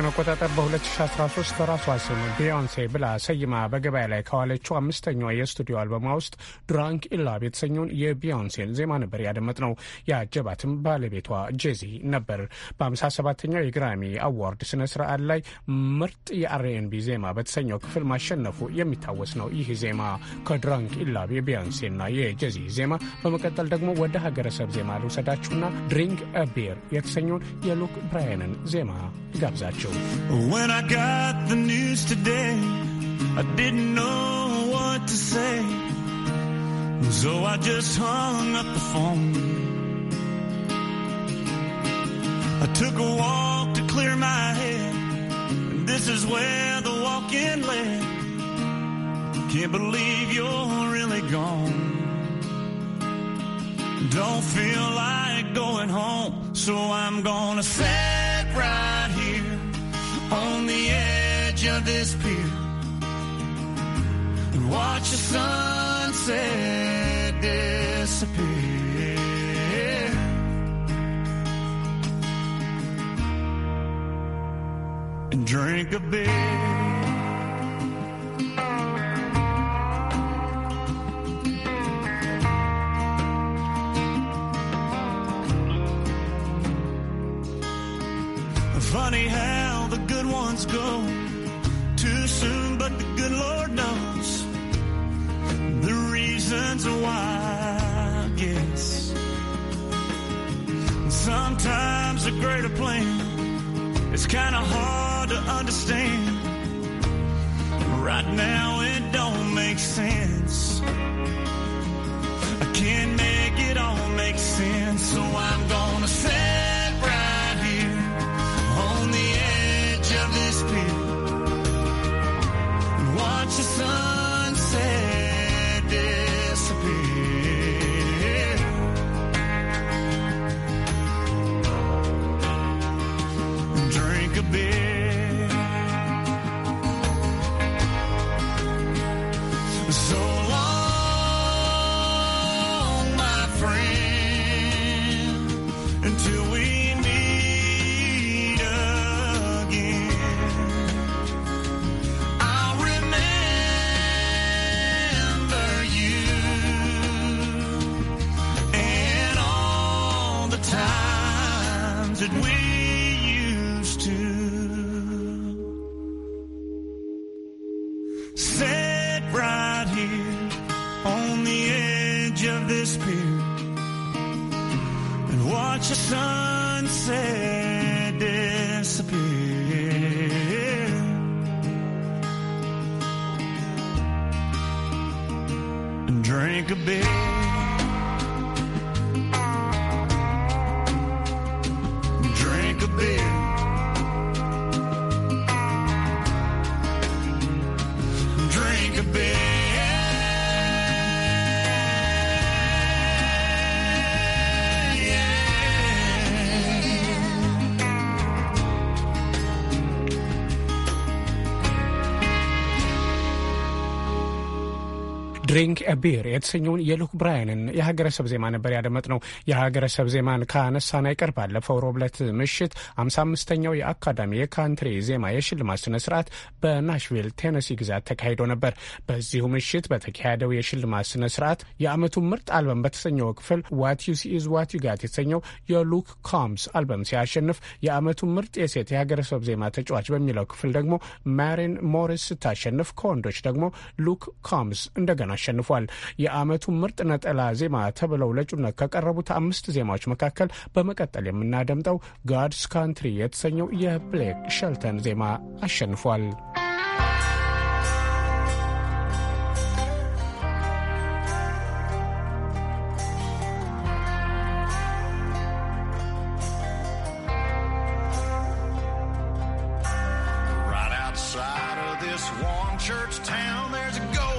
ቀን አቆጣጠር በ2013 በራሷ ስም ቢዮንሴ ብላ ሰይማ በገበያ ላይ ከዋለችው አምስተኛዋ የስቱዲዮ አልበሟ ውስጥ ድራንክ ኢላብ የተሰኘውን የቢዮንሴን ዜማ ነበር ያደመጥ ነው። የአጀባትም ባለቤቷ ጄዚ ነበር። በ57ኛው የግራሚ አዋርድ ስነ ስርዓት ላይ ምርጥ የአርኤንቢ ዜማ በተሰኘው ክፍል ማሸነፉ የሚታወስ ነው። ይህ ዜማ ከድራንክ ኢላቭ የቢዮንሴና የጄዚ ዜማ በመቀጠል ደግሞ ወደ ሀገረሰብ ዜማ ልውሰዳችሁና ድሪንክ ቢር የተሰኘውን የሉክ ብራያንን ዜማ When I I got the news today, didn't know what to say, So I just hung up the phone. I took a walk to clear my head. And this is where the walk-in led. Can't believe you're really gone. Don't feel like going home. So I'm gonna sit right on the edge of this pier and watch the sunset disappear. And drink a beer. was gone too soon, but the good Lord knows the reasons why, I guess. Sometimes a greater plan is kind of hard to understand. Right now it don't make sense. I can't make it all make sense, so I'm gone. ድሪንክ ቢር የተሰኘውን የሉክ ብራያንን የሀገረሰብ ዜማ ነበር ያደመጥነው። የሀገረሰብ ዜማን ከአነሳን አይቀር ባለፈው ሮብ ዕለት ምሽት አምሳ አምስተኛው የአካዳሚ የካንትሪ ዜማ የሽልማት ስነ ስርዓት በናሽቪል ቴነሲ ግዛት ተካሂዶ ነበር። በዚሁ ምሽት በተካሄደው የሽልማት ስነ ስርዓት የአመቱ ምርጥ አልበም በተሰኘው ክፍል ዋት ዩ ሲ ኢዝ ዋት ዩ ጋት የተሰኘው የሉክ ኮምስ አልበም ሲያሸንፍ የአመቱ ምርጥ የሴት የሀገረሰብ ዜማ ተጫዋች በሚለው ክፍል ደግሞ ማሪን ሞሪስ ስታሸንፍ ከወንዶች ደግሞ ሉክ ኮምስ እንደገና አሸንፏል። የአመቱ ምርጥ ነጠላ ዜማ ተብለው ለእጩነት ከቀረቡት አምስት ዜማዎች መካከል በመቀጠል የምናደምጠው ጋድስ ካንትሪ የተሰኘው የብሌክ ሸልተን ዜማ አሸንፏል። church town, there's a ghost.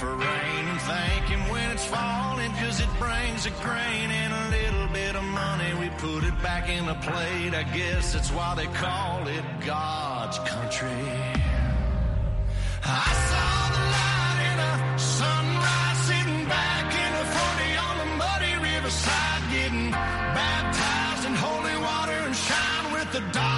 for rain and thank him when it's falling cause it brings a grain and a little bit of money we put it back in the plate i guess that's why they call it god's country i saw the light in a sunrise sitting back in a 40 on the muddy riverside getting baptized in holy water and shine with the dark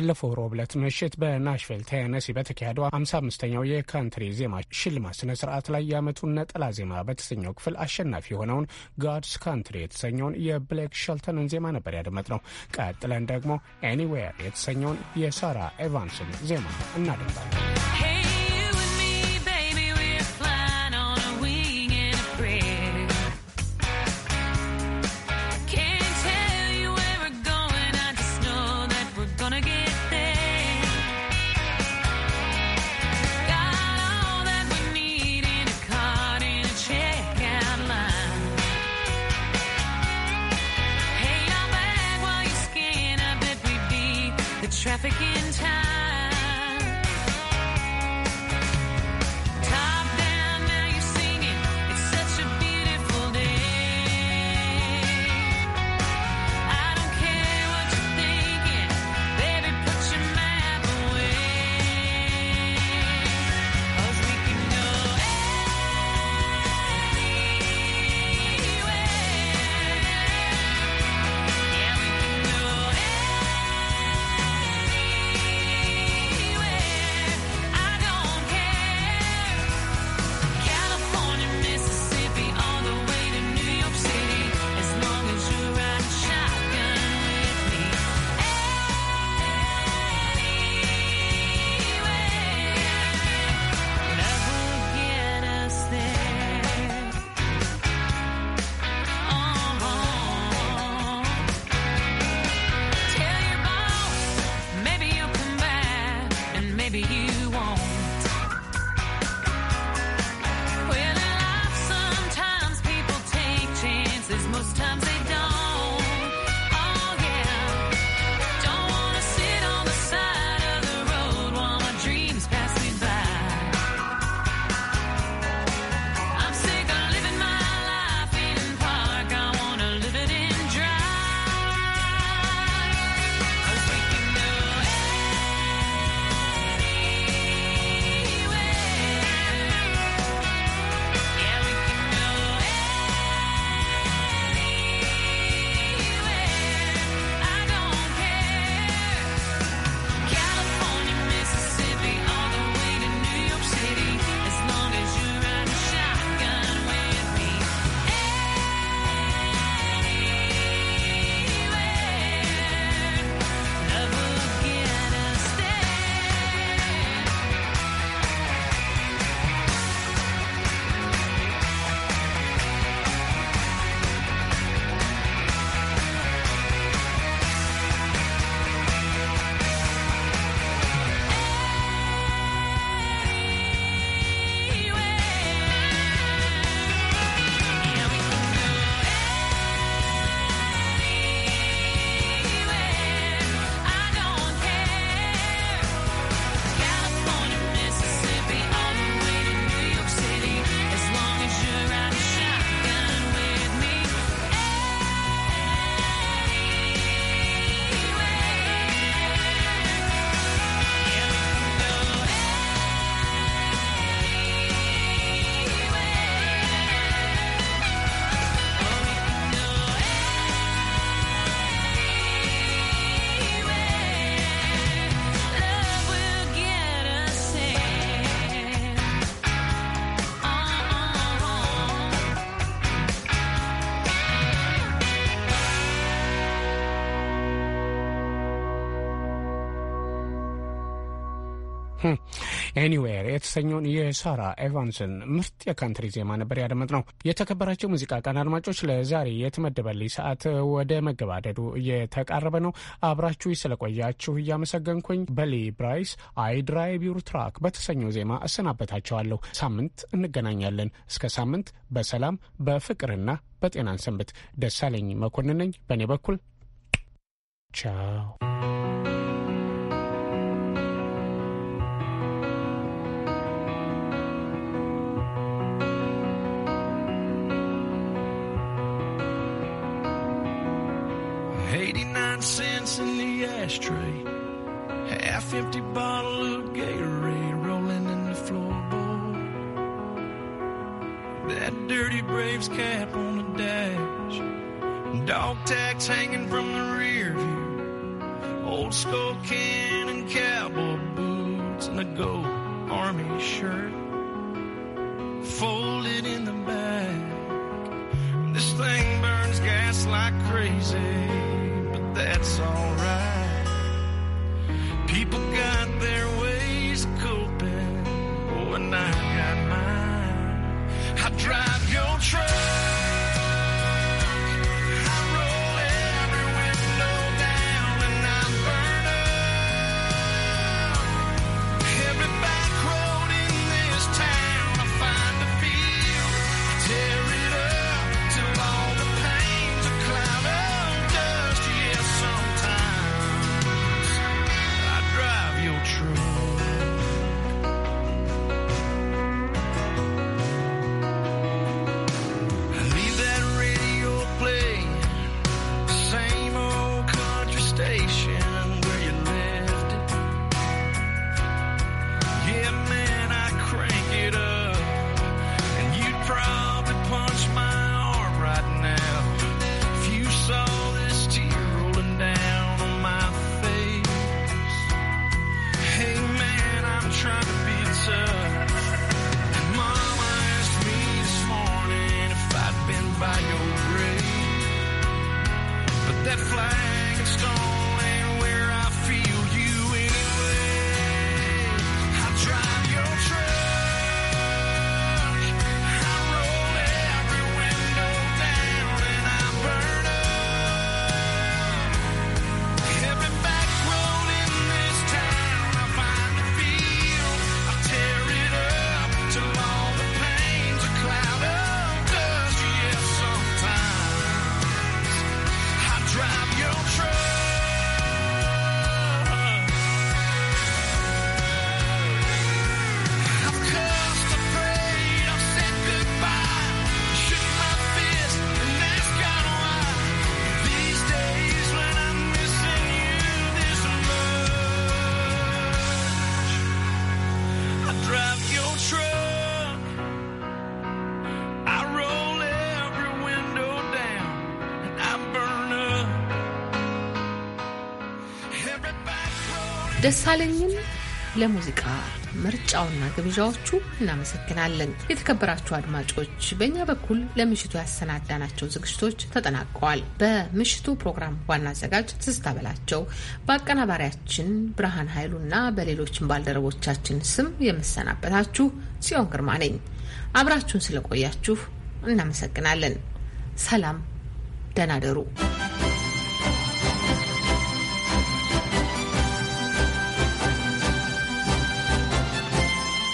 ባለፈው ሮብ ምሽት በናሽቪል ቴነሲ በተካሄደው 55ኛው የካንትሪ ዜማ ሽልማት ስነ ስርዓት ላይ የዓመቱን ነጠላ ዜማ በተሰኘው ክፍል አሸናፊ የሆነውን ጋድስ ካንትሪ የተሰኘውን የብሌክ ሸልተንን ዜማ ነበር ያደመጥነው። ቀጥለን ደግሞ ኤኒዌር የተሰኘውን የሳራ ኤቫንስን ዜማ እናደምጣለን። traffic in town. ኤኒዌር የተሰኘውን የሳራ ኤቫንስን ምርጥ የካንትሪ ዜማ ነበር ያደመጥ ነው። የተከበራቸው ሙዚቃ ቀን አድማጮች፣ ለዛሬ የተመደበልኝ ሰዓት ወደ መገባደዱ እየተቃረበ ነው። አብራችሁ ስለቆያችሁ እያመሰገንኩኝ በሊ ብራይስ አይ ድራይቭ ዩር ትራክ በተሰኘው ዜማ እሰናበታቸዋለሁ። ሳምንት እንገናኛለን። እስከ ሳምንት በሰላም በፍቅርና በጤናን ሰንብት። ደሳለኝ መኮንን ነኝ በእኔ በኩል ቻው። ashtray. Half empty bottle of Gatorade rolling in the floorboard. That dirty Braves cap on the dash. Dog tags hanging from the rear view. Old skull can and cowboy boots and a gold army shirt. Folded in the back. This thing burns gas like crazy, but that's alright people got their ways of coping. When I got mine. I drive your truck. ደሳለኝን ለሙዚቃ ምርጫውና ግብዣዎቹ እናመሰግናለን። የተከበራችሁ አድማጮች፣ በእኛ በኩል ለምሽቱ ያሰናዳናቸው ዝግጅቶች ተጠናቀዋል። በምሽቱ ፕሮግራም ዋና አዘጋጅ ትዝታ በላቸው፣ በአቀናባሪያችን ብርሃን ኃይሉና በሌሎችን ባልደረቦቻችን ስም የምሰናበታችሁ ጽዮን ግርማ ነኝ። አብራችሁን ስለቆያችሁ እናመሰግናለን። ሰላም፣ ደህና ደሩ።